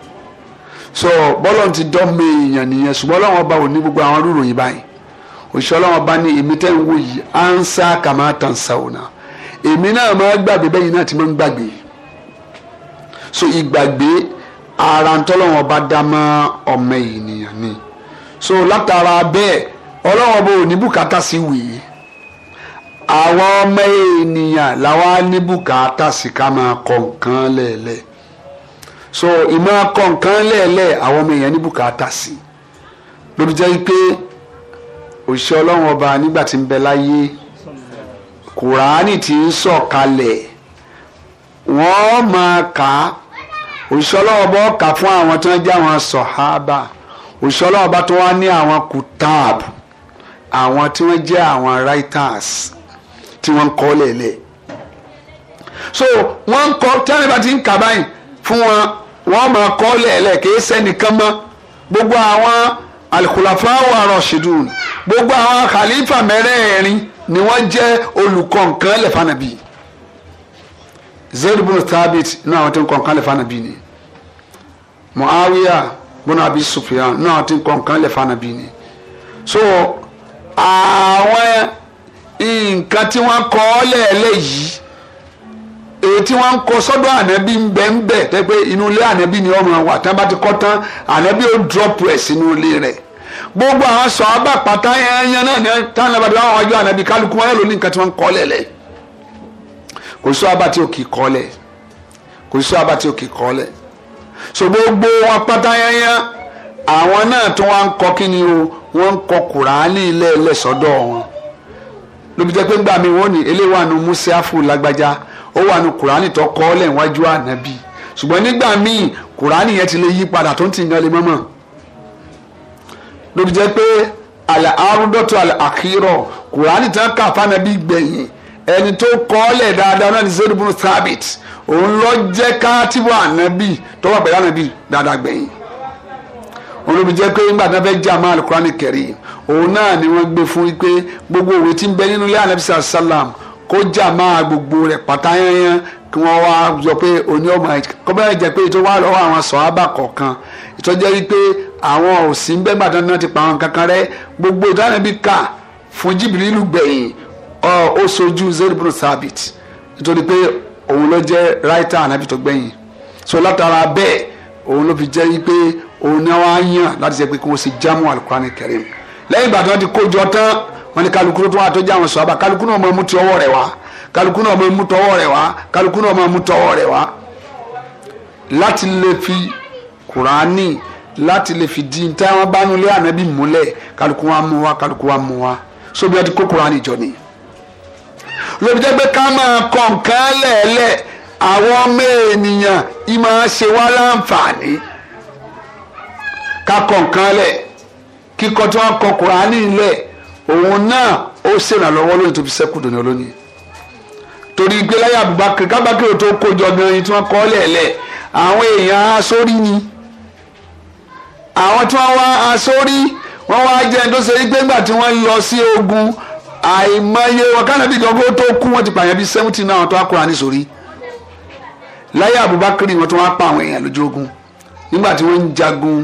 so bọ́lọ̀ ti dọ́mọ èèyàn nìyẹn ṣùgbọ́n Ọlọ́run ọba ò ní gbogbo àwọn rúròyìn báyìí òṣìṣẹ́ Ọlọ́run ọba ní èmi tẹ́ ń wò yìí à ń sá kà máa tàn sá ò náà èmi náà máa gbàgbé bẹ́yìn náà ti máa ń gbàgbé so ìgbàgbé ara ń tọ́lọ́run ọba dá mọ́ ọmọ ènìyàn ni so látara bẹ́ẹ̀ Ọlọ́run ọba ò ní bùkátà sí wèé àwọn ọmọ ènìyàn làwọn á ní bùkátà sí ká máa kọ lẹ́ẹ̀lẹ́ẹ̀ so ìmọ̀ akọ nǹkan lẹ́ẹ̀lẹ́ àwọn ọmọ èèyàn ní bùkátà sí lóbi jẹ́ pé òṣìṣẹ́ ọlọ́run ọba nígbà tí ń bẹ láyé kùránì tí ń sọ̀kalẹ̀ wọ́n máa kà á òṣìṣẹ́ ọlọ́run ọba kà fún àwọn tí wọ́n jẹ́ àwọn sọ̀hábà òṣìṣẹ́ ọlọ́run ọba tó wá ní àwọn kùtàbù àwọn tí wọ́n jẹ́ àwọn writers tí wọ́n ń kọ́ lẹ̀lẹ̀ so wọ́n ń kọ́ tí bá ti ń kà báyìí fún wọn wọ́n máa kọ́ lẹ̀lẹ̀ kì í sẹ́nìkan mọ́ gbogbo àwọn alukulafawo arọ̀ṣidùn gbogbo àwọn khalifa mẹ́rẹ̀ẹ̀rin ni wọ́n jẹ́ olùkọ́ nǹkan lẹ́fànàbí zayd bin thabit ní àwọn tí ń kọ́ lẹ́fànàbí ni muawiya bin abi sufyan ní àwọn tí ń kọ́ lẹ́fànàbí ni so àwọn nǹkan tí wọ́n kọ́ lẹ́ẹ̀lẹ́ yìí èyí tí wọ́n ń kọ sọ́dọ̀ ànábì ń bẹ ń bẹ tẹ́ pé inú ilé ànábì ni ọmọ wa tán bá ti kọ́ tán ànábì ó drop rẹ̀ sínú ilé rẹ̀ gbogbo àwọn sọ abápàtà ẹyẹn náà ní táwọn nàbàdì wọn wájú ànábì kálukú wọn lò ní nǹkan tí wọ́n ń kọ́ kò sí abá tí ó kì í kọ́ lẹ̀ kò sí abá tí ó kì í kọ́ lẹ̀ so gbogbo wọn pátá ẹyẹn àwọn náà tí wọ́n ń kọ kí ni o wọ́n ń kọ kùránì lẹ́ẹ̀lẹ́ sọ́dọ̀ wọn lóbi jẹ́ pé ńgbà mi wọ́n ní eléwàánu musafu lágbájá ó wà ní kùránì tó kọ́ ọ́ lẹ́wájú ànábì ṣùgbọ́n nígbà míì kùránì yẹn ti lè yí padà tó ń ti yan lè mọ́mọ́ lóbi jẹ́ pé àlẹ́ arúndọ́tò àlẹ́ àkírọ̀ kùránì tán kà fànàbí gbẹ̀yìn ẹni tó kọ́ ọ́ lẹ̀ dáadáa náà ní Zayd ibn òun lọ jẹ́ kátìbù ànábì tó wà pẹ̀lú ànábì dáadáa gbẹ̀yìn òun ló jẹ́ pé nígbà tí fẹ́ jẹ́ àmọ́ àlùkùránì kẹrì òun náà ni wọ́n gbé fún wípé gbogbo òwe tí ń bẹ nínú ilé ànábì sàlám kó jà máa gbogbo rẹ̀ pátá yányán kí wọ́n wá sọ pé oní ọmọ kọ́bẹ́rẹ́ jẹ́ pé ètò wà lọ́wọ́ àwọn sọ̀hábà kọ̀ọ̀kan ìtọ́jẹ́ wípé àwọn òsì ń bẹ́gbà dandan ti pa àwọn kankan rẹ gbogbo ìdánilẹ́bí kà fún jìbìrìlù gbẹ̀yìn ó sojú zayd bin sabit nítorí pé òun ló jẹ́ ráìtà ànábì tó gbẹ̀yìn so látara bẹ́ẹ̀ òun ló fi jẹ́ wípé òun náà wá yàn láti jẹ́ pé kí wọ́n ṣe jámù alukurani kẹrin lẹ́yìn ìgbà tí wọ́n ti kó tán wọ́n ní kálukú tó wà tó jẹ́ àwọn sọ́ọ́bà kálukú náà máa mú ti ọwọ́ rẹ̀ wá kálukú náà máa mú tọwọ́ rẹ̀ wá kálukú náà máa mú tọwọ́ rẹ̀ wá láti lè fi kùránì láti lè fi dín tí wọ́n bá nulẹ̀ ànábì múlẹ̀ kálukú wa mú wa kálukú wa mú wa sóbi ọtí kó kùránì jọ ni. lóbi jẹ́ pé ká máa kọ̀ nǹkan lẹ̀ẹ́lẹ̀ àwọn ọmọ ènìyàn ì máa ṣe wá láǹfààní ká kọ̀ nǹkan lẹ̀ kíkọ́ tí wọ́n kọ kùránì lẹ̀ òun náà ó ṣèrànlọ́wọ́ lónìí tó fi sẹ́kù dòní olónìí torí pé láyé Abubakar kábàkiri tó kójọ gan ni tí wọ́n kọ́ lẹ̀lẹ̀ àwọn èèyàn asórí ni àwọn tí wọ́n wá asórí wọ́n wá jẹ́ tó ṣe wípé tí wọ́n lọ sí ogun àìmọye wọn ti pààyàn náà tó ní sórí láyé wọn tó wá pa ogun nígbà tí wọ́n ń jagun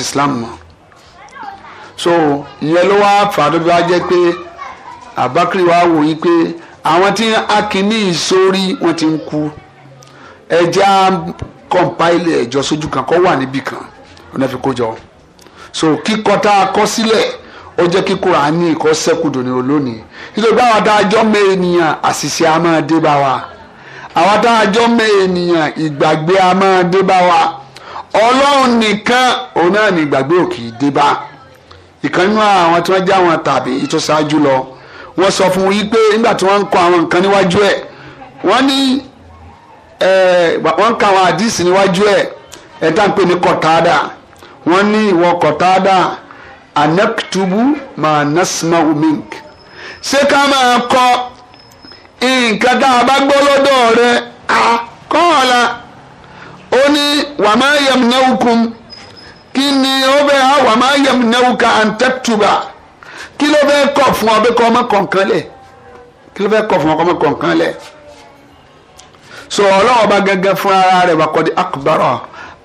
Islam so ìyẹn ló wá fà á tó fi wá jẹ́ pé àbákiri wá wò yí pé àwọn tí akínní ìsórí wọn ti ń kú ẹja kọ̀ǹpáìlì ẹ̀jọ́ sójú kan kọ́ wà níbì kan ọ̀nà fi kó jọ so kíkọ tá a kọ sílẹ̀ ó jẹ́ kí Kùránì ìkọ́ sẹ́kùdù ní olónìí nítorí báwa tá a jọ́ mẹ́ ènìyàn àṣìṣe a máa dé bá wa àwa tá a jọ́ mẹ́ ènìyàn ìgbàgbé a máa dé bá wa ọlọ́run nìkan òun náà ní ìgbàgbé ò kì bá wa ìkan nínú àwọn tí wọ́n já wọn tàbí ìtòsáájú lọ wọ́n sọ fún yí pé nígbà tí wọ́n ń kọ àwọn nǹkan níwájú ẹ̀ wọ́n ní wọ́n ń ka àwọn àdìsí níwájú ẹ̀ ẹ̀ tá ń pè ní kọ̀tádà wọ́n ní ìwọ kọ̀tádà anaktubu ma nasma umink ṣé ká máa kọ nǹkan tá a bá gbọ́ lọ́dọ̀ rẹ̀ àkọọ́lá ó ní wàmáyẹ̀mùnáwùkùn. Kini ni ó bẹ́ẹ̀ àwọn máa yẹ nẹ́wùká àǹtẹ́tùbà kí ló fẹ́ kọ̀ fún ọ bí kọ́ ọmọ kọ̀ọ̀kan lẹ̀ kí ló fẹ́ fún ọmọ kọ̀ọ̀kan lẹ̀ so ọlọ́wọ́ bá gẹ́gẹ́ fún ara rẹ̀ wà kọ́ di akubara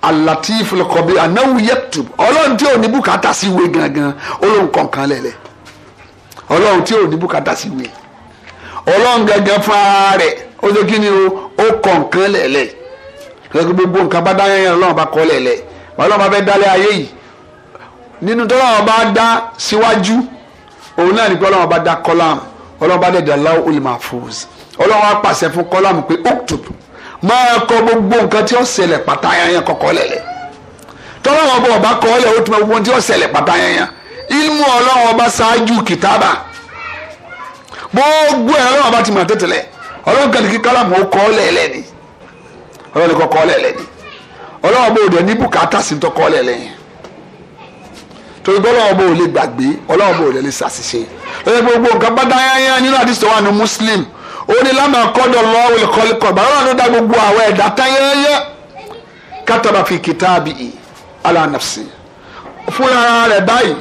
alatiful kọbi anáwó yẹtu ọlọ́run tí ò ní bùkátà sí ìwé gangan olóhùn kọ̀ọ̀kan lẹ̀lẹ̀ ọlọ́run tí ò ní bùkátà sí ìwé ọlọ́run gẹ́gẹ́ fún ara rẹ̀ ó ṣe o ó kọ̀ọ̀kan lẹ̀lẹ̀ gbogbo nǹkan bá dá yẹn ọlọ́run bá kọ́ lẹ̀lẹ̀ ọlọ́run bá fẹ́ dálé ayé yìí nínú tọ́lọ́run bá dá síwájú òun náà ní pé bá dá kọ́lámù ọlọ́run bá dẹ̀dẹ̀ aláwọ̀ olùmọ̀fọ́s ọlọ́run á pàṣẹ fún kọ́lámù kọ gbogbo nǹkan tí ó ṣẹlẹ̀ pátá yẹn lẹ̀lẹ̀ ọba kọ́ lẹ̀ gbogbo tí ó ṣẹlẹ̀ ilmu ṣáájú kìtàbà gbogbo ẹ̀ ti ọlọ́wọ́n bò dẹ̀ ní bùkátà sí tọkọ lẹ́lẹ́ torí pé bò lè gbàgbé ọlọ́wọ́n bò lè ṣàṣìṣe lórí gbogbo nǹkan bá nínú àdìsọ wa muslim ó ní lámà kọ́dọ̀ lọ́wọ́ ìkọlẹ́kọ̀ bàbá wọn dá gbogbo àwọn ẹ̀dá tán kátàbà fi kìtàbì ala nafsi fúnra rẹ̀ báyìí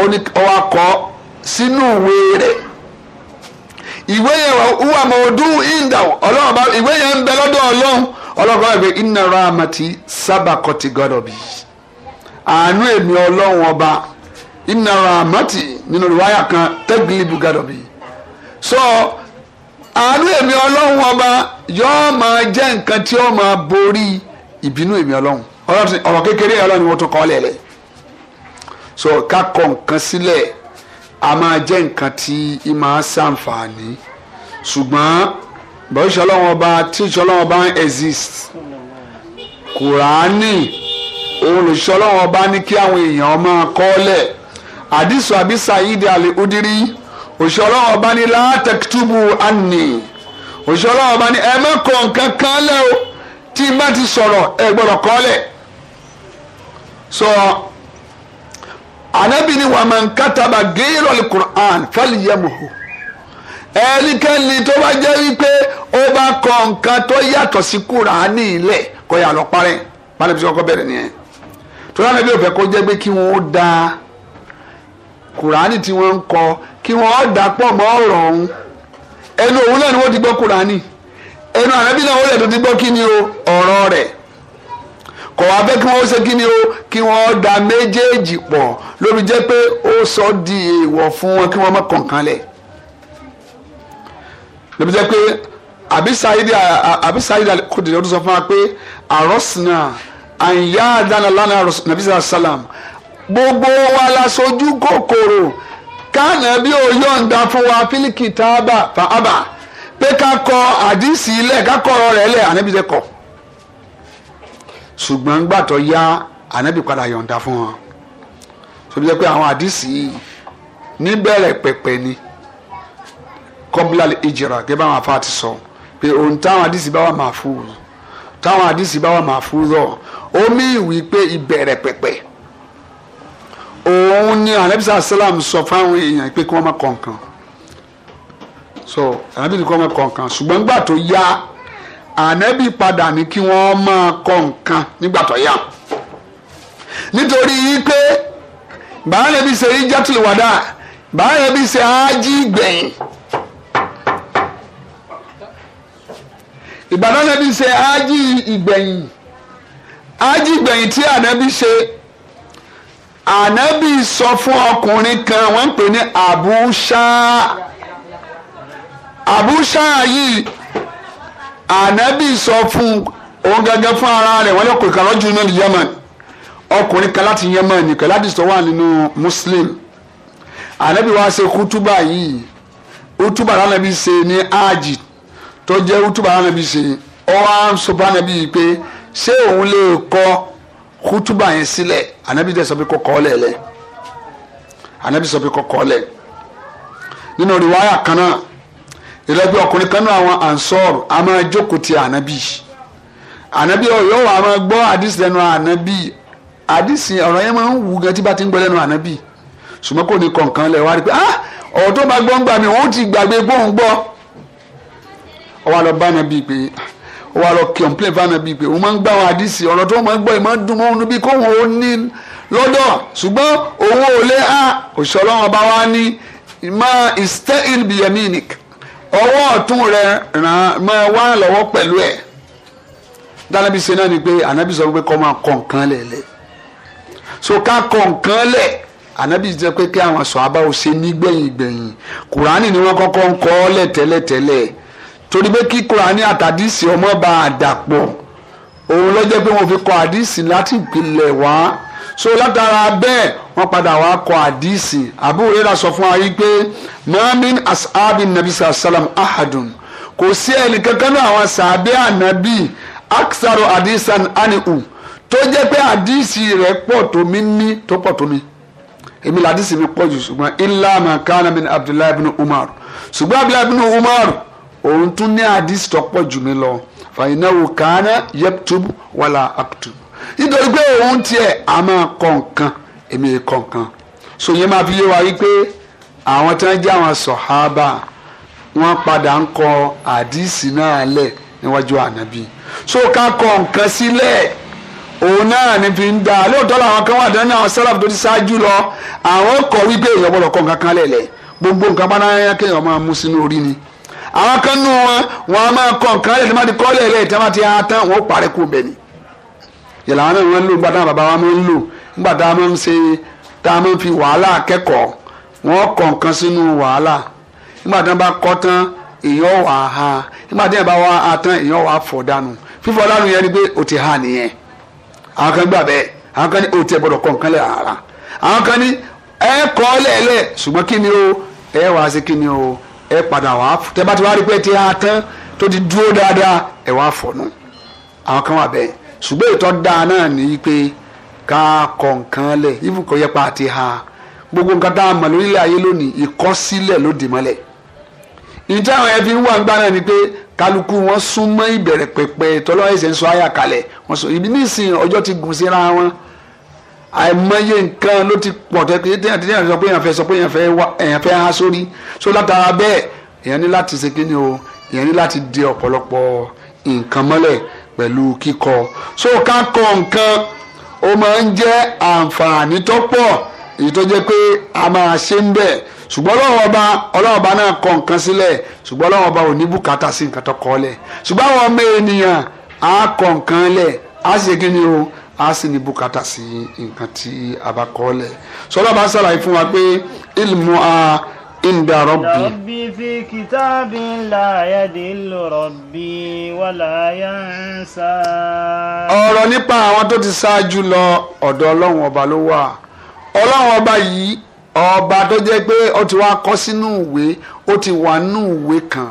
ọwọ́ akọ sínú ìwé yẹn wà mọ̀ ọdún ìwé yẹn ń bẹ lọ́dọ̀ ọlọ́run ọ̀gbẹ́ iná rahmati sábàkọ́tì gọ́dọ̀bì àánú èmi ọlọ́run ọba iná rahmati nínú ìwáyà kan tẹ́gìlìbù gọ́dọ̀bì so àánú èmi ọlọ́run ọba yóò máa jẹ́ nǹkan tí ó máa borí ìbínú èmi ọlọ́run ọ̀rọ̀ kékeré ọlọ́run ni wọ́n tún kọ́ lẹ́lẹ́ so ká kọ nǹkan sílẹ̀ a máa jẹ́ nǹkan tí ì máa ṣàǹfààní ṣùgbọ́n bọ́ọ̀ ìṣọlọ́wọ́n ọba tí ìṣọlọ́wọ́n ọba exist kùránì òun lòṣọlọ́wọ́n ọba ní kí àwọn èèyàn máa kọ́lẹ̀ àdìsọ àbí Saidi al-Udiri òṣọlọ́wọ́n ọba ní la taktubu anni òṣọlọ́wọ́n ní ẹ nǹkan kan lẹ́ o tí n bá ti sọ̀rọ̀ ẹ gbọ́dọ̀ kọ́lẹ̀ sọ anabi ni waman kataba ghayril Qur'an falyamhu ẹnikẹ́ni tó bá jẹ́ wípé nǹkan tó yàtọ̀ sí kúránì ilẹ̀ kọ́ lọ parẹ́ pálẹ̀ bí kọ́kọ́ bẹ̀rẹ̀ nìyẹn tó lánàá bí òfẹ́ kó jẹ́ pé kí wọ́n da kúránì tí wọ́n ń kọ kí wọ́n dà pọ̀ mọ́ ọ̀rọ̀ ọ̀hún ẹnu òun náà ni wọ́n ti gbọ́ kúránì ẹnu àrẹ́bí náà wọ́n lè tó ti gbọ́ kí ni o ọ̀rọ̀ rẹ̀ kọ̀ wá fẹ́ kí wọ́n ṣe kí ni o kí wọ́n da méjèèjì pọ̀ lórí jẹ́ pé ó sọ di èèwọ̀ fún wọn kí wọ́n àbí sáyidi alikudiri ó tún sọ fún wa pé àrọ́sìnà àyà dáná lánàá nàbí sàlám gbogbo wa la sojú kòkòrò káànà bí ó yọ̀ǹda fún wa fílíkì tábà fàábà pé ká kọ àdìsí ilẹ̀ ká kọ ọ̀rọ̀ rẹ̀ lẹ̀ ànábì tẹ́ kọ̀ ṣùgbọ́n gbà tó yá ànábì padà yọ̀ǹda fún wọn tóbi jẹ́ pé àwọn àdìsí níbẹ̀rẹ̀ pẹ̀pẹ̀ ni kọ́bílà ìjìrà gẹ́gẹ́ bá àwọn afá ti sọ. So pé ohun táwọn àdìsí bá wà máa fúz táwọn àdìsí bá wà máa fúz ọ ó mí ìwí pé ìbẹ̀rẹ̀ pẹ̀pẹ̀ òun ni alẹ́bísà sálàm sọ fáwọn èèyàn pé kí wọ́n má kọ̀ọ̀kan so ànábì ní kí wọ́n má kọ̀ọ̀kan ṣùgbọ́n nígbà tó yá ànábì padà ní kí wọ́n máa kọ̀ọ̀kan nígbà tó yá nítorí yìí pé bàálẹ̀ bí ṣe ìjátùlùwàdà bàálẹ̀ bí ṣe ájí gbẹ̀yìn ìgbàdá nàbí ṣe ájì ìgbẹ̀yìn ájì ìgbẹ̀yìn tí ànábì ṣe ànábì sọ fún ọkùnrin kan wọ́n ń pè ní àbúṣá àbúṣá yìí ànábì sọ fún òun gẹ́gẹ́ fún ara rẹ̀ wọ́n lè kó ìkàlọ́ jù náà ní Yemen ọkùnrin kan láti Yemen nìkan láti sọ wà nínú Muslim ànábì wá ṣe kútúbà yìí kútúbà lánàbì ṣe ní ájì tó jẹ́ kútùbà ànábì ṣe ọ wá ń sọ fún ànábì yìí pé ṣé òun lè kọ kútùbà yẹn sílẹ̀ ànábì dẹ̀ sọ pé kọ́ kọ́ lẹ̀ lẹ̀ ànábì sọ pé kọ́ kọ́ lẹ̀ nínú rìwáyà kan náà ìrẹ́bí ọkùnrin kan náà àwọn ansọ́ọ̀rù a máa jókòó ti ànábì ànábì ọ̀yọ́ wa máa gbọ́ àdìsí lẹ́nu ànábì àdìsí ọ̀rọ̀ yẹn máa ń wù gan tí bá ti ń gbọ́ lẹ́nu ànábì ṣùgbọ́n ní kọ̀ọ̀kan lẹ̀ wá rí pé ah ọ̀rọ̀ tó bá gbọ́ ń gbà mí òun ti gbàgbé gbóhùn gbọ́ ó wá lọ bá nàbí pé ó wá lọ kẹ̀ǹplẹ̀ bá nàbí pé òun máa ń gbá àwọn àdìsí ọ̀rọ̀ tó máa ń gbọ́ ẹ̀ máa ń dùn mọ́ òun níbi kóun ò ní lọ́dọ̀ ṣùgbọ́n òun ò a òṣìṣẹ́ ọlọ́run ọba wa ní máa ista'il bi yaminik ọwọ́ ọ̀tún rẹ̀ ràn máa wá lọ́wọ́ pẹ̀lú ẹ̀ dánábì ṣe náà ni pé ànábì sọ pé kọ́ máa kọ̀ nǹkan lẹ̀ lẹ̀ so ká kọ̀ nǹkan lẹ̀ ànábì jẹ́ pé kí àwọn sọ̀ abáwo ṣe nígbẹ̀yìn kùránì ni wọ́n kọ́kọ́ ń kọ́ lẹ̀ torí pé kí Kùránì àtàdísì ọmọ bá a dàpọ̀ òun ló jẹ́ pé wọ́n fi kọ àdísì láti ìpìlẹ̀ wá so látara bẹ́ẹ̀ wọ́n padà wá kọ àdísì Abu Hurairah sọ fún wa yìí pé mamin nabi sallam ahadun kò sí ẹnì kankan náà àwọn sàbẹ́ ànábì aksaro adisan aniu tó jẹ́ pé àdísì rẹ̀ pọ̀ tó mi ní tó pọ̀ tó mi èmi làdísì mi pọ̀ jù ṣùgbọ́n ilá màkánà min abdullahi bin umar ṣùgbọ́n abdullahi bin umar òun tún ní àdìsí tó pọ̀ jù mí lọ fàyínáwó kàánà yẹtùb wàlà àkùtùb nítorí pé òun tiẹ̀ a máa kọ nǹkan èmi kọ nǹkan so yẹn máa fi yé wa wípé àwọn tí wọ́n jẹ́ àwọn sọ̀hábà wọ́n padà ń kọ àdìsí náà lẹ̀ níwájú ànábì so ká kọ nǹkan sílẹ̀ òun náà ní fi ń da lóòótọ́ làwọn kan wà dáná àwọn sálàbù tó ti ṣáájú lọ àwọn kọ wípé èèyàn gbọ́dọ̀ kọ nǹkan kan lẹ̀ lẹ̀ gbogbo nǹkan bá náà yẹn kéèyàn máa mú sínú orí ni àwọn kan nù wọn wọn a máa kọ nǹkan lẹ́yìn ti lẹ́yìn lẹ́yìn tí ti hàn tán kú bẹ́ẹ̀ ni. yàrá wọn náà lò bàbá wa máa lò nígbà táwọn ń ṣe máa fi wàhálà kẹ́kọ̀ọ́ kọ nǹkan sínú wàhálà nígbà bá kọ́ tán èèyàn ha nígbà bá wà á tán èèyàn wà á fọ̀ dànù ha nìyẹn àwọn kan gbà bẹ́ẹ̀ àwọn kan ni o ẹ padà wá tẹ bá ti wá rí pé tí a tán tó ti dúró dáadáa ẹ wá fọ̀nù àwọn kan wà bẹ́ẹ̀ ṣùgbọ́n ìtọ́ dáa náà ní pé ká kọ nǹkan lẹ̀ ibùkọ́ yẹpa àti ha gbogbo nǹkan tá a mọ̀ lórílẹ̀ ayé lónìí ìkọsílẹ̀ ló dì mọ́lẹ̀ ìdí àwọn ẹbí wà ń gbá náà ni pé kálukú wọn súnmọ́ ìbẹ̀rẹ̀ pẹ̀pẹ̀ tọ́lọ́ ẹ̀sẹ̀ ń sọ àyà kalẹ̀ wọn sọ ìbí nísìnyí ọjọ́ ti gùn síra wọn àìmọye nǹkan ló ti pọ̀ tẹ́ pé téèyàn ti téèyàn sọ pé èèyàn fẹ́ sọ pé èèyàn fẹ́ wá èèyàn fẹ́ há sórí so látara bẹ́ẹ̀ èèyàn ní láti ṣe kíni o èèyàn ní láti di ọ̀pọ̀lọpọ̀ nǹkan mọ́lẹ̀ pẹ̀lú kíkọ so ká kọ nǹkan ó máa ń jẹ́ àǹfààní tó pọ̀ èyí tó jẹ́ pé a máa ṣe ń bẹ̀ ṣùgbọ́n ọlọ́run ọba ọlọ́run ọba náà kọ nǹkan sílẹ̀ ṣùgbọ́n ọlọ́run ọba ò ní bùkátà sí nǹkan tó kọ lẹ̀ ṣùgbọ́n àwọn ọmọ ènìyàn á kọ nǹkan lẹ̀ á ṣe kíni o a sì ní bùkátà sí nǹkan tí a bá kọ́ lẹ̀ sọlá bá ṣàlàyé fún wa pé ilmu a inda rabbi. rabbi fi kitabin la yadillu rabbi wala yansa. ọ̀rọ̀ nípa àwọn tó ti ṣáájú lọ ọ̀dọ̀ ọlọ́run ọba ló wà ọlọ́run ọba yìí ọba tó jẹ́ pé ó ti wá kọ́ sínú ìwé ó ti wà nínú ìwé kan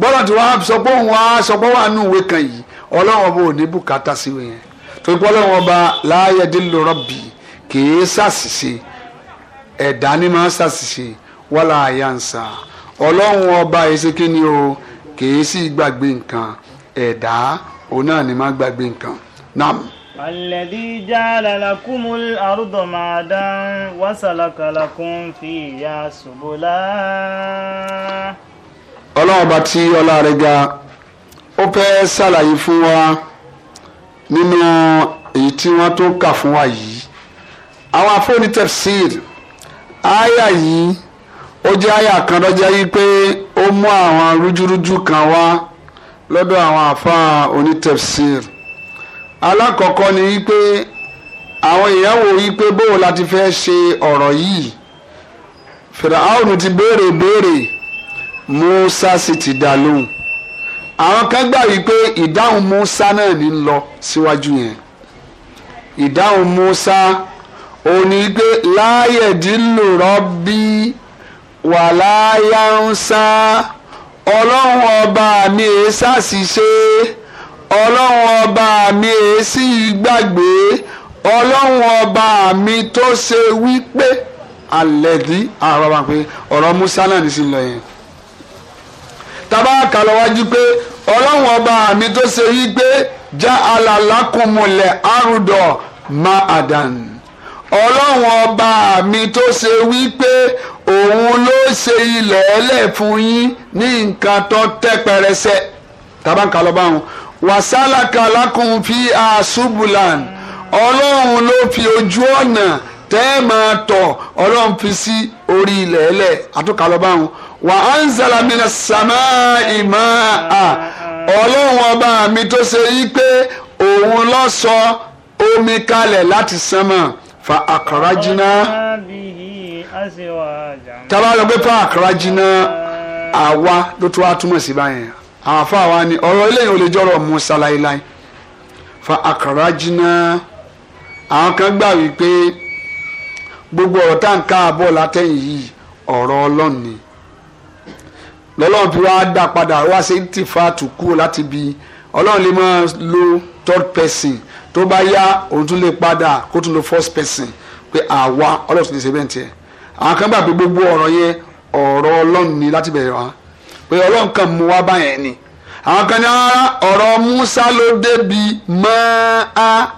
bọ́lá tí wọ́n sọ pé òun á sọ pé wà nínú ìwé kan yìí ọlọ́run ọba ò ní bùkátà sí ìwé yẹn torí pé ọlọ́run ọba láàyè dìlù rọ́bì kìí ṣàṣìṣe ẹ̀dá ni máa ṣàṣìṣe wàlà àyànṣà ọlọ́run ọba èsì kínní o kìí sì gbàgbé nǹkan ẹ̀dá òun náà ni máa gbàgbé nǹkan nam. Alẹ́dí jàlá lakumul arúdọ̀ máa dán wàsálàkà lakum fi ìyá ṣubúlá. Ọlọ́run ọba tí ọlá rẹ̀ ga ó fẹ́ ṣàlàyé fún wa nínú èyí tí wọ́n tó kà fún wa yìí àwọn afọ́ni tafsir àyà yìí ó jẹ́ àyà kan lọ́jọ́ yìí pé ó mú àwọn rújúrújú kan wá lọ́dọ̀ àwọn àfáà onítafsir alákọ̀ọ́kọ́ ni wípé àwọn èèyàn wò wípé bóò láti fẹ́ ṣe ọ̀rọ̀ yìí Fìràáhùn ti béèrè béèrè Mùsá sì ti dá lóhùn àwọn kan gbà wípé ìdáhùn Musa náà ní lọ síwájú yẹn ìdáhùn Musa òní pé láàyè dínlò rọ́bí wà láyà ń sá ọlọ́run ọba mi èé ṣàṣìṣe ọlọ́run ọba mi èé sì gbàgbé ọlọ́run ọba mi tó ṣe wípé alẹ́ dí àrọ̀ wà pé ọ̀rọ̀ Musa náà ní sí lọ yẹn tábà kàlọ́ wájú pé ọlọ́run ọba mi tó ṣe yí pé já alàlákùnmùlẹ̀ àrùdọ̀ má àdàn ọlọ́run ọba mi tó ṣe wí pé òun ló ṣe ilẹ̀ ẹlẹ̀ fún yín ní nǹkan tó tẹ́ pẹrẹsẹ tábà kàlọ́ báwọn wàsálàkà lákùn fi àṣùbùlàn ọlọ́run ló fi ojú ọ̀nà tẹ́ tọ̀ ọlọ́run fi sí orí ilẹ̀ ẹlẹ̀ àtúkàlọ́ báwọn wà á ń zàlàmìnà sàmà ìmọ̀ à ọlọ́run ọba mi tó ṣe yí pé òun ló sọ omi kalẹ̀ láti sánmà fa àkàrà jìnnà tábà lọ pé fa àkàrà jìnnà àwa ló tó wá túmọ̀ sí báyẹn àwọn afọ ni ọ̀rọ̀ eléyìí ò lè jọ̀rọ̀ Musa láéláé fa àkàrà jìnnà àwọn kan gbà wípé gbogbo ọ̀rọ̀ tá àbọ̀ látẹ̀yìn yìí ọ̀rọ̀ ọlọ́run lọ́lọ́run fi wá dá padà wá ṣe ń fa àtúkú láti bi ọlọ́run lè máa lo third person tó bá yá òun tún lè padà kó tún lo first person pé àwa ọlọ́run tún lè ṣe bẹ́ẹ̀ tiẹ̀ àwọn kan gbà pé gbogbo ọ̀rọ̀ yẹn ọ̀rọ̀ ọlọ́run ni láti bẹ̀rẹ̀ wá pé ọlọ́run kan mú wá báyẹn ni àwọn kan ní ah, ọ̀rọ̀ Musa ló débi mọ́ ọ̀rọ̀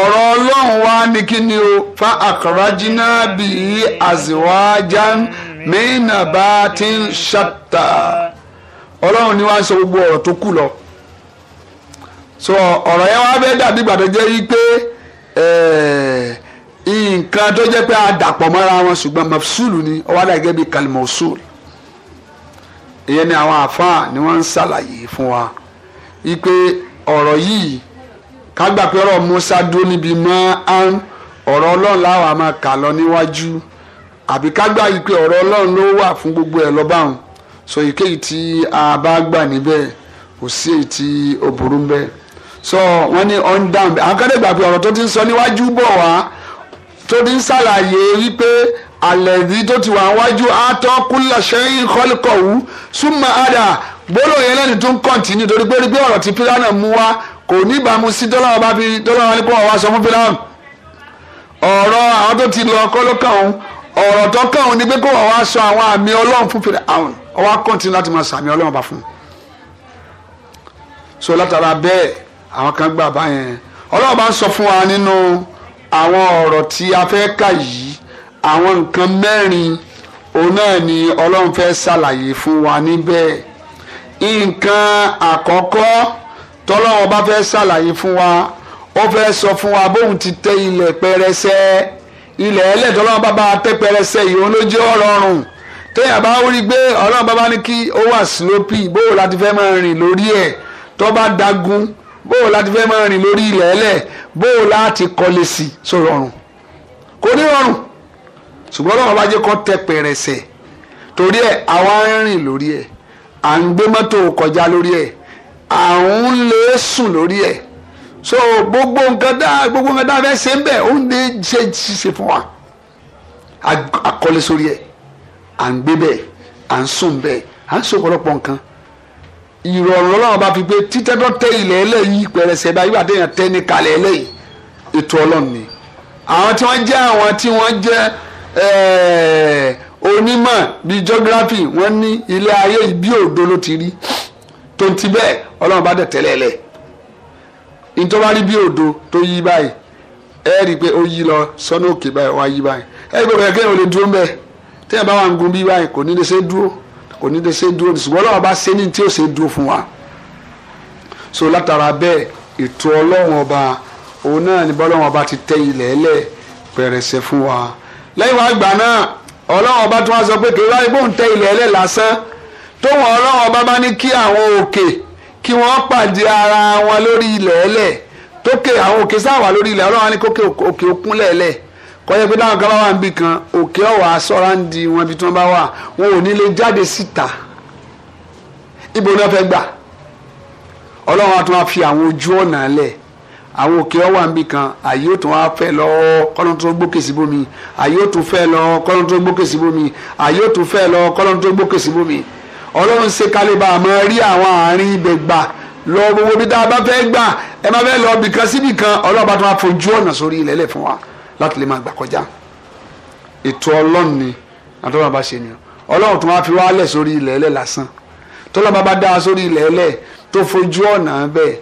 ọlọ́run wá ní kí ni o fa àkàrà jìnnà bíi àzìwájà mina bá ti ń ṣàtà ọlọ́run ni wàá sọ gbogbo ọ̀rọ̀ tó kù lọ so ọ̀rọ̀ yẹn wàá fẹ́ dàbí gbàdọ̀ jẹ́ yí pé eh, nǹkan tó jẹ́ pé a dàpọ̀ mọ́ra wọn ṣùgbọ́n mafsulu ni ọwọ́ dà gẹ́gẹ́ bí kalimosul ìyẹn ni àwọn àfáà ni wọ́n ń ṣàlàyé fún wa yí pé ọ̀rọ̀ yìí ká pé ọ̀rọ̀ Musa dúró níbi mọ́ ọ̀rọ̀ ọlọ́run láwa máa kà lọ níwájú àbí ká gbà yìí pé ọ̀rọ̀ ọlọ́run ló wà fún gbogbo ẹ̀ lọ́ba àwọn so èyíkéyìí tí a bá gbà níbẹ̀ kò sí èyí tí ó burú bẹ́ẹ̀ so wọ́n ní on down bẹ́ẹ̀ àwọn kẹ́dẹ̀gbà pé ọ̀rọ̀ tó ti ń sọ níwájú bọ̀ wá tó ti ń ṣàlàyé wípé àlẹ́dí tó ti wà wájú atọ́ kúlọ̀ṣẹ́ ìkọ́lùkọ̀wù súnmọ́ àdà gbólóhùn yẹn lẹ́nu tó ń kọ̀ǹtínú torí pé rí pé ọ̀rọ̀ tí pílánà mú wá kò níbàámu sí dọ́là ọba fi dọ́là wọn wá sọ fún pílánà ọ̀rọ̀ àwọn tó ti lọ kọ́ ọ̀rọ̀ tó kàn ó ní pé kó wá sọ àwọn àmì ọlọ́run fún fèrè àwọn ọwọ́ kọ́ńtínú láti máa sàmì ọlọ́run bá fún un so látara bẹ́ẹ̀ àwọn kan gbà báyẹn ọlọ́run bá ń sọ fún wa nínú àwọn ọ̀rọ̀ tí a fẹ́ kà yìí àwọn nǹkan mẹ́rin òun náà ni ọlọ́run fẹ́ ṣàlàyé fún wa níbẹ̀ nǹkan àkọ́kọ́ tọ́lọ́run bá fẹ́ ṣàlàyé fún wa ó fẹ́ sọ fún wa bóun ti tẹ́ ilẹ̀ pẹrẹsẹ ilẹ̀ ẹlẹ́dọ̀ ọlọ́run bàbá tẹ́pẹrẹsẹ yìí òun ló jẹ́ ọ̀rọ̀rùn téèyàn bá rí gbé ọlọ́run bàbá ní kí ó wà sílópì bóò láti fẹ́ máa rìn lórí ẹ̀ tó bá dagun bóò láti fẹ́ máa rìn lórí ilẹ̀ ẹlẹ̀ bóò láti kọ́lé sí so rọrùn kò ní rọrùn ṣùgbọ́n ọlọ́run bá jẹ́ kó tẹ́pẹrẹsẹ torí ẹ̀ àwa ń lórí ẹ̀ à ń gbé mọ́tò kọjá lórí ẹ̀ à ń lè sùn lórí ẹ̀ so gbogbo nǹkan dá gbogbo nǹkan dá fẹ́ ṣe ń bẹ̀ ó ń lè ṣe ṣiṣẹ́ fún wa àkọlé sórí ẹ̀ à ń gbé bẹ́ẹ̀ à ń sùn bẹ́ẹ̀ à ń sùn ọ̀pọ̀lọpọ̀ nǹkan ìrọ̀rùn ọlọ́run bá fi pé títẹ́ tó tẹ ilẹ̀ ẹlẹ́yìí pẹ̀rẹ̀sẹ̀ báyìí wà déyàn tẹ́ ní kalẹ̀ ẹlẹ́yìí ètò ọlọ́run ni àwọn tí wọ́n jẹ́ àwọn tí wọ́n jẹ́ eh, onímọ̀ bíi geography wọ́n ní ilé ayé bí òdo ló ti rí tó ti bẹ́ẹ̀ ọlọ́run bá dẹ̀ tẹ́lẹ̀ ẹlẹ́yìí ntọ́ba rí bí òdo tó yí báyìí ẹ rí i pé ó yí lọ sọ́nà òkè báyìí wọ́n á yí báyìí ẹ rí i pé bẹ̀rẹ̀ kéèyàn lè dúró mbẹ́ téèyàn bá wà ń gun bí báyìí kò ní lè ṣe dúró kò ní lè ṣe dúró ṣùgbọ́n Ọlọ́run bá ṣe ní tí ó ṣe dúró fún wa. so látara bẹ́ẹ̀ ètò Ọlọ́run ọba òun náà ni bọ́lọ́run ọba ti tẹ ilẹ̀ ẹlẹ̀ pẹ̀rẹ̀sẹ̀ fún wa. lẹ́yìn wá gbà náà Ọlọ́run ọba tún wá sọ pé kí wọ́n pàdé ara wọn lórí ilẹ̀ ẹlẹ̀ tókè àwọn òkè sáwà lórí ilẹ̀ ọlọ́run á ní kókè òkè òkun lẹ̀ẹ́lẹ̀ kọ́yẹ́ pé táwọn kan bá wà níbì kan òkè ọ̀wà sọ́ra ń di wọn ibi tí wọ́n bá wà wọn ò ní lè jáde síta ibo náà fẹ́ gbà ọlọ́run á wá fi àwọn ojú ọ̀nà lẹ̀ àwọn òkè ọ̀wà níbì kan àyè ó tún wá fẹ́ lọ kọ́lọ́n tó gbókè sí bómi àyè ó tún fẹ́ lọ kọ́lọ́n tó gbókè sí bómi àyè ó tún fẹ́ lọ kọ́lọ́n tó gbókè sí bómi ọlọ́run ṣe kálíbà àmọ́ rí àwọn àárín ibẹ̀ gbà lọ gbogbo bí tá a bá fẹ́ gbà ẹ má fẹ́ lọ bìkan síbì kan ọlọ́ọ̀bá tó máa fojú ọ̀nà sórí ilẹ̀ lẹ̀ fún wa láti lè máa gbà kọjá ètò ọlọ́run ni àtọ́nà bá ṣe ni ọlọ́run tó máa fi wálẹ̀ sórí ilẹ̀ lẹ̀ lásán tọ́lọ́ba bá dá sórí ilẹ̀ lẹ̀ tó fojú ọ̀nà bẹ́ẹ̀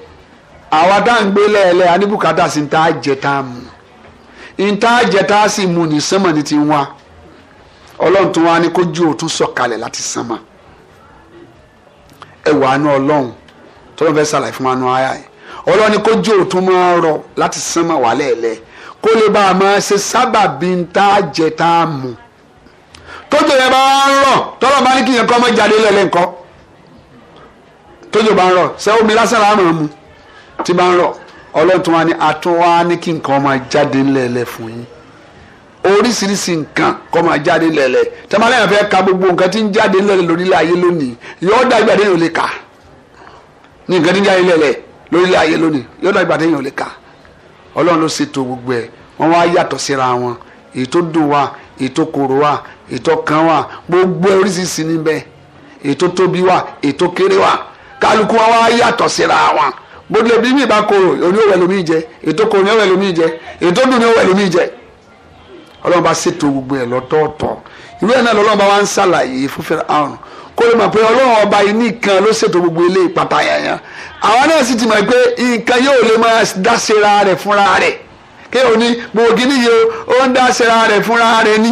àwa tá à ń gbé lẹ́ẹ̀lẹ́ aníbùkátà sí ń tá a jẹ tá a mú ń tá a jẹ tá a sì mú ní sánmà ní ti wá ọlọ́run tó wá ní kójú òtún sọ̀kalẹ̀ láti sánmà ẹwà àánú ọlọ́run tọ́lọ́ fẹ́ sàlàyé fún àánú ayá yìí ọlọ́run ni kó jó òtún máa rọ láti sánmọ̀ wà lẹ́ẹ̀lẹ́ kó lè bá a máa ṣe sábàbí ń tá a jẹ tá a mú tójò yẹn bá ń rọ tọ́lọ́ bá ní kí yẹn kọ́ ọmọ jáde lẹ́lẹ́ nǹkan tójò bá ń rọ ṣé omi lásán làá máa mu tí bá ń rọ ọlọ́run tún wá ní atún wá ní kí nǹkan ọmọ jáde lẹ́lẹ́ fún yín oríṣiríṣi nǹkan kọ́ máa jáde lẹ̀lẹ̀ tẹ́mọ́lẹ́ yẹn fẹ́ ka gbogbo nǹkan tí ń jáde lẹ̀lẹ̀ lórílẹ̀ ayé lónìí yóò dàgbà déyìn ò lè kà ní nǹkan tí ń jáde lẹ̀lẹ̀ lórílẹ̀ ayé lónìí yóò dàgbà déyìn ò lè kà ọlọ́run ló ṣètò gbogbo ẹ̀ wọ́n wá yàtọ̀ síra wọn èyí tó dùn wa èyí tó korò wa èyí tó kan wa gbogbo oríṣiríṣi níbẹ̀ èyí tó tóbi wa èyí tó kéré wa kálukú wa wá yàtọ̀ síra wọn gbogbo ẹbí mi ìbá korò òní òwẹ̀ lómi jẹ èyí tó korò ní òwẹ̀ lómi jẹ èyí tó dùn ní òwẹ̀ lómi jẹ ọlọ́run bá ṣètò gbogbo ẹ̀ lọ́tọ̀ọ̀tọ̀ ìlú ẹ̀ náà lọ́lọ́run bá wá ń ṣàlàyé fún Fáráò kó lè mọ̀ pé ọlọ́run ọba yìí nìkan ló ṣètò gbogbo ilé ìpàtà yẹn àwọn náà sì ti mọ̀ pé nǹkan yóò lè máa dáṣera rẹ̀ fúnra rẹ̀ kí o ní gbòógì níyì o ó ń dáṣera rẹ̀ fúnra rẹ̀ ní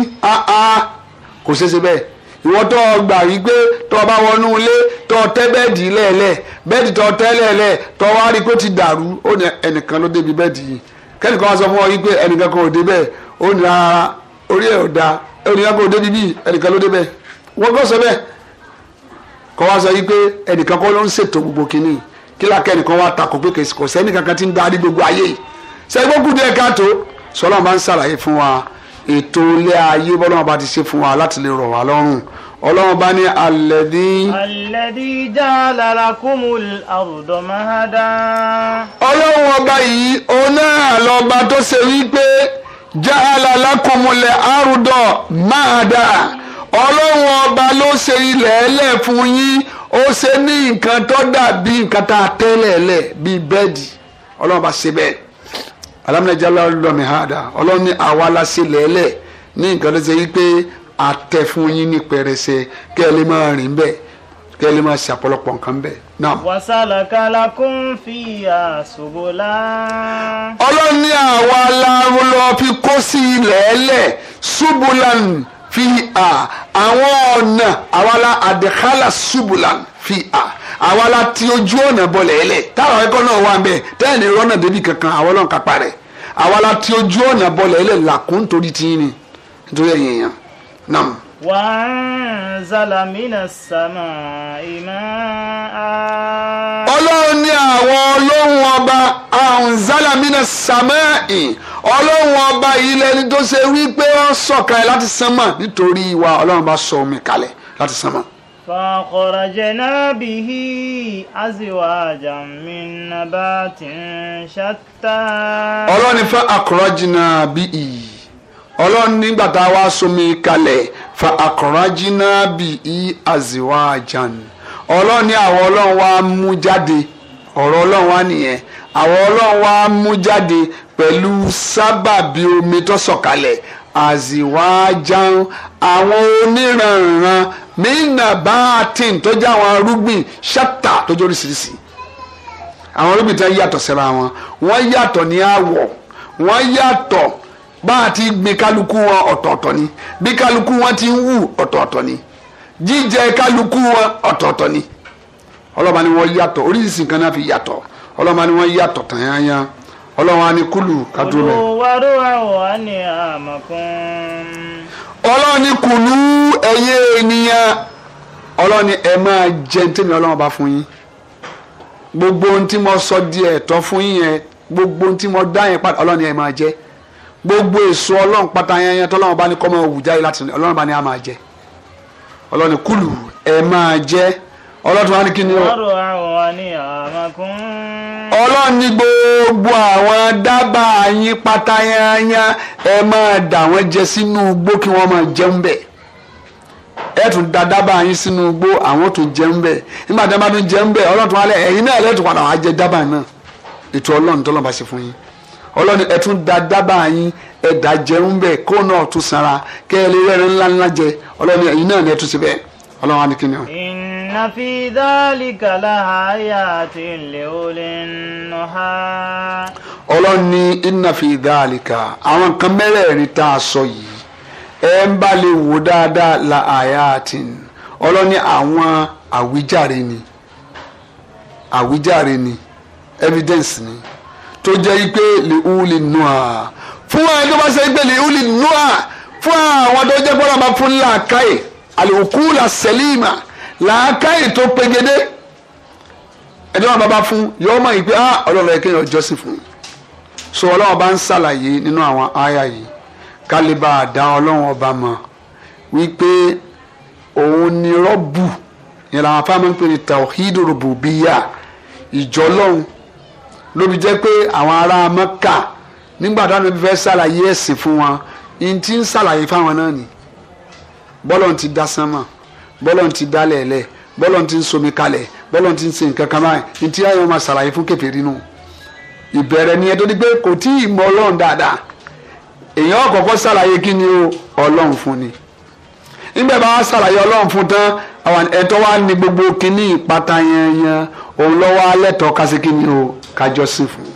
kò ṣeé ṣe bẹ́ẹ̀ ìwọ tó o gbà wípé tó o bá wọnú ilé tó o tẹ́ bẹ́ẹ̀dì lẹ́ẹ̀lẹ́ bẹ́ẹ̀dì tó o tẹ́ lẹ́ẹ̀lẹ́ tó o wá rí i pé ó ti dàrú ó ní ẹnìkan ló débi bẹ́ẹ̀dì yìí kẹ́nìkan wá sọ fún ọ wípé ẹnìkan kan dé bẹ́ẹ̀ ó ní rárá ah, orí ẹ̀ ò da orí ẹ̀ kò débi bíi ẹnìkan ló débẹ̀ wọ́n gbọ́ sọ bẹ́ẹ̀ kọ́ wá sọ yìí pé ẹnìkan kọ́ ló ń ṣètò gbogbo kínní kí lákẹ́ ẹnìkan wá takò pé kò sẹ́ni kankan ti ń darí gbogbo ayé yìí sẹ́gbọ́n kùdí ẹ̀ káàtó sọlọ́n bá ń ṣàlàyé fún wa ètò ilé ayé bọ́lọ́n bá ti ṣe fún wa láti lè rọ̀ wá lọ́rùn ọlọ́run bá ní alẹ́dí. alẹ́dí ja'ala lakumul arda mahada. ọlọ́run ọba yìí òun náà lọ́ba tó ṣe wípé jahala lakumule arudọ mahada ọlọ́run ọba ló ṣe ilẹ̀ ẹlẹ̀ fún yín ó ṣe ní nǹkan tó dàbí nǹkan tá a tẹ́lẹ̀ lẹ̀ bíi bẹ́ẹ̀dì ọlọ́run ọba ṣe bẹ́ẹ̀ alámìnàjà lọ́dọ̀ mi hàdà ọlọ́run ní àwa la ṣe lẹ́lẹ̀ ní nǹkan tó ṣe wípé àtẹ fún yín ní pẹrẹsẹ kẹ́ ẹ lè máa rìn bẹ́ẹ̀ kẹ́ ẹ lè máa ṣàpọ̀lọpọ̀ nǹkan bẹ́ẹ̀ wàsálàkà lakum fìyà ọlọ́run ní àwa la lọ fi kó sí ilẹ̀ ẹlẹ̀ ṣubúlan fi à àwọn ọ̀nà àwa la àdìkálà fi à àwa la ojú ọ̀nà bọ̀lẹ̀ ẹlẹ̀ táwọn ẹ̀kọ́ náà wà mẹ́ tẹ́ẹ̀ni rọ́nà débi kankan àwọn ọlọ́run kápá rẹ̀ àwa la ojú ọ̀nà bọ̀lẹ̀ ẹlẹ̀ làkún torí tiyín ni nítorí ẹ̀yìn èèyàn náà. ọlọ́run ní àwọn ọlọ́run ọba anzalamina samai ọlọ́run ọba ilẹ̀ ni tó ṣe wí pé láti sánmà nítorí ìwà ọlọ́run bá sọ omi kalẹ̀ láti sánmà. ọlọ́run ọlọ́run nígbà tá a wá somi kalẹ̀ fa akọ̀rọ̀jìnà bí i aziwajan ọlọ́run ni àwọn ọlọ́run wá mú jáde ọ̀rọ̀ ọlọ́run wá nìyẹn àwọn ọlọ́run wá mú jáde pẹ̀lú sábàbí omi tó sọ̀kalẹ̀ aziwajan àwọn oníranran mina baatin tó jẹ́ àwọn arúgbìn ṣáta tó jẹ́ oríṣiríṣi àwọn arúgbìn tó yàtọ̀ síra wọn wọ́n yàtọ̀ ní àwọ̀ wọ́n yàtọ̀ bá a ti gbin kálukú wọn ọ̀tọ̀ọ̀tọ̀ ni bí kálukú wọn ti ń wù ọ̀tọ̀ọ̀tọ̀ ni jíjẹ kálukú wọn ọ̀tọ̀ọ̀tọ̀ ni ọlọ́ba ni wọ́n yàtọ̀ oríṣiríṣi nǹkan náà fi yàtọ̀ ọlọ́ba ni wọ́n yàtọ̀ tàyányá ọlọ́wọ́n á ní kúlù kátó bẹ̀. olùwárò àwọ̀ ni àmọ̀kún. ọlọ́run kùlù ẹ̀yẹ ènìyàn ọlọ́run ní ẹ máa jẹ ní tèmi bá fún yín gbogbo ohun mo sọ di ẹ̀tọ́ fún yín yẹn gbogbo ohun mo dá yẹn padà ọlọ́run ní ẹ máa jẹ gbogbo èso ọlọ́run pátá yẹnyẹn tó ọlọ́run bá ní kọ́ máa jáde láti ọlọ́run bá ní a máa jẹ ọlọ́run kúlù ẹ máa jẹ ọlọ́run tó wá ní kí ni o. ọlọ́run ní gbogbo àwọn dábàá yín pátá yẹnyẹn ẹ máa dà wọ́n jẹ sínú igbó kí wọ́n máa jẹun bẹ̀ ẹ tún da dábàá yín sínú igbó àwọn tó jẹun bẹ̀ nígbà tí wọ́n bá tún jẹun bẹ̀ ọlọ́run tó wá lẹ̀ ẹ̀yin náà lẹ́tùn padà wọ́n á ọlọ́ni ẹ̀tún da dábàá yín jẹun bẹ́ẹ̀ kó náà tún sara kẹ́ ẹ lè rẹ́rìn ńlá ńlá jẹ ọlọ́ni ẹ̀yin náà ni ẹ̀tún sí bẹ́ẹ̀ ọlọ́run á ní kíni o. inna fi àwọn mẹ́rẹ̀ẹ̀rin tá yìí dáadáa la tó jẹ́ ipe lè húlì nùà fún àwọn tó bá ṣe ipe lè húlì nùà fún àwọn tó jẹ́ pọ́nrọ́ bá fún làákàyè àlòkù là sẹ́lìmà làákàyè tó pegedé ẹni wọn bàbá fún yọọ mọ ìpè ah ọlọ́run ẹ kéèyàn jọ́sìn fún so ọlọ́run bá ń ṣàlàyé nínú àwọn àyà yìí kálíbà àdá ọlọ́run ọba mọ̀ wípé òun ni rọ́bù ìlànà fáwọn pé ní tawhid rububiya ìjọlọ́run lóbi jẹ́ pé àwọn ará mọ́kà nígbà táwọn ẹbí fẹ́ ṣàlàyé ẹ̀sìn fún wọn n ti ń ṣàlàyé fáwọn náà ni bọ́lọ̀ ti da sánmà bọ́lọ̀ ti dálẹ̀ ẹ̀lẹ̀ bọ́lọ̀ ti ń somi kalẹ̀ bọ́lọ̀ ti ń ṣe nǹkan kan báyìí n ti ayọ̀ máa ṣàlàyé fún kèfèrí nù ìbẹ̀rẹ̀ nìyẹn tó di pé kò tí ì mọ ọlọ́run dáadáa èèyàn kọ́kọ́ ṣàlàyé kí ni o ọlọ́run fún ni nígbà bá ṣàlàyé ọlọ́run fún tán ẹ̀tọ́ wa ni gbogbo kinní ìpata yẹn yẹn òun lọ́wọ́ alẹ́tọ̀ kásìkí ni o kájọ́sìn fún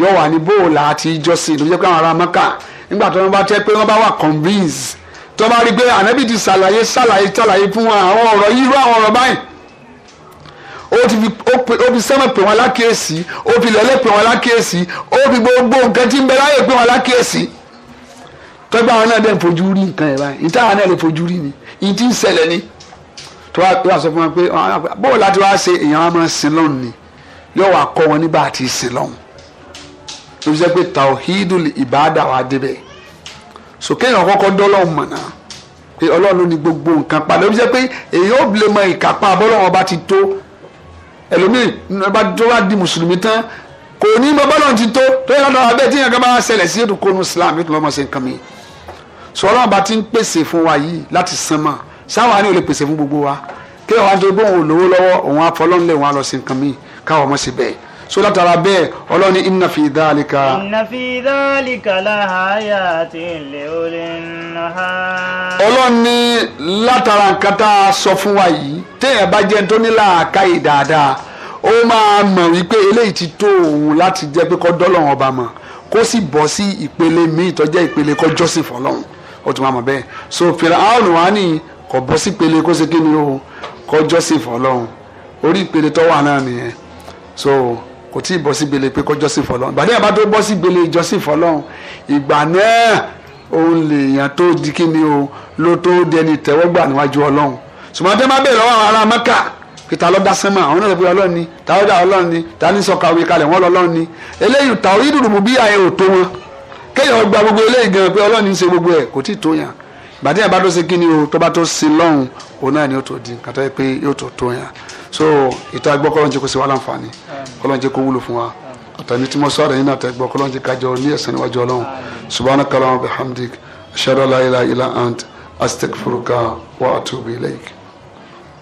yóò wà ní bóòlù àti ìjọsìn ló jẹ́ pé àwọn ará mọ́kà nígbà tó wọ́n bá tẹ́ pé wọ́n bá wà convince tó bá rí pé ànábì ti ṣàlàyé ṣàlàyé ṣàlàyé fún wọn àwọn ọ̀rọ̀ irú àwọn ọ̀rọ̀ báyìí ó ti fi ó fi sẹ́mọ̀ pè wọn lákèésí ó fi lẹ́lẹ́ pè wọn lákèésí ó fi gbogbo nǹkan tí ń bẹ láyè pè wọn lákèésí tọ́gbà àwọn náà dẹ̀ fojú rí nǹkan yẹn báyìí ìtàn àwọn náà lè fojú rí ni ìtì ń ṣẹlẹ̀ ni tó wá sọ fún wọn pé ah, bóò láti wá ṣe èèyàn á máa sin lọ́hùn ni yóò wá kọ́ wọn nígbà tí sin lọ́hùn tó fi jẹ́ pé tawhidul ibada wa débẹ̀ sòkè èèyàn kọ́kọ́ dọ́lọ́hùn mọ̀nà pé ọlọ́run ní gbogbo nǹkan pa ló fi jẹ́ pé èèyàn ò lè mọ ìkápá bọ́lọ́wọ́n bá ti tó ẹlòmíì tó bá di mùsùlùmí tán kò ní mọ bọ́lọ́run ti tó tó yẹ lọ́dọ̀ abẹ́ tí yẹn kan bá ṣẹlẹ̀ sí ètò kónú Islam yóò tún ṣe nǹkan mi sọ ọlọ́run bá ti ń pèsè fún wa yìí láti sánmọ́ sáwọn ni ò lè pèsè fún gbogbo wa kí wọn tó bóun ò lówó lọ́wọ́ òun afọlọ́nlẹ̀ wọn á lọ sí nǹkan míì káwọn ọmọ sí bẹ́ẹ̀ so látara bẹ́ẹ̀ ọlọ́ni inna fi dhalika. inna fi dhalika la ayatin li ulil nuha. ọlọ́ni látara nǹkan tá a sọ fún wa yìí téèyàn bá jẹ́ tó ní làákàyè dáadáa ó máa mọ̀ wípé eléyìí ti tó òun láti jẹ́ pé kó dọ́lọ̀ wọn bá mọ̀ kó sì bọ́ sí ìpele míì tó jẹ́ ìpele kó jọ́sìn ó tún máa mọ̀ bẹ́ẹ̀ so fìlà áwọn wà kò bọ́ sí ìpele kó ṣe kí ni o kó jọ́sìn fọlọ́run orí ìpele tó wà náà nìyẹn so kò tí ì bọ́ sí ìpele pé kó jọ́sìn fọlọ́run ìgbà tí yàrá tó bọ́ sí ìpele ìjọ́sìn fọlọ́run ìgbà náà òun lèèyàn tó di kí ni o ló tó dẹni tẹ́wọ́gbà níwájú ọlọ́run ṣùgbọ́n tẹ́ má bẹ̀rẹ̀ lọ́wọ́ àwọn mẹ́kà kìtà lọ́dá sẹ́mà àwọn náà lọ́pẹ́ ọlọ́run ni tàwọ́dà tani sọ̀ka òwe kalẹ̀ wọ́n lọ́lọ́run ni eléyìí tàwọ́ ìdùnnú bí àyẹ̀ ò tó wọn kéèyàn gba gbogbo eléyìí gan pé ọlọ́run ń ṣe gbogbo ẹ̀ kò tí ì tó yàn gbàdí yẹn bá tó ṣe kíni o tó bá tó sin lọ́hùn òun náà ni yóò tó di kàtà pé yóò tó tó yẹn so ìta gbọ́ kọ́lọ́n jẹ́ kó ṣe wá láǹfààní kọ́lọ́n jẹ́ kó wúlò fún wa àtàní tí mo sọ àdéhìn náà tẹ gbọ́ kọ́lọ́n jẹ́ kájọ ní ẹ̀sán níwájú ọlọ́run subhana kalama bihamdik ashadu la ilaha illa ant astaghfiruka wa atubu ilayk.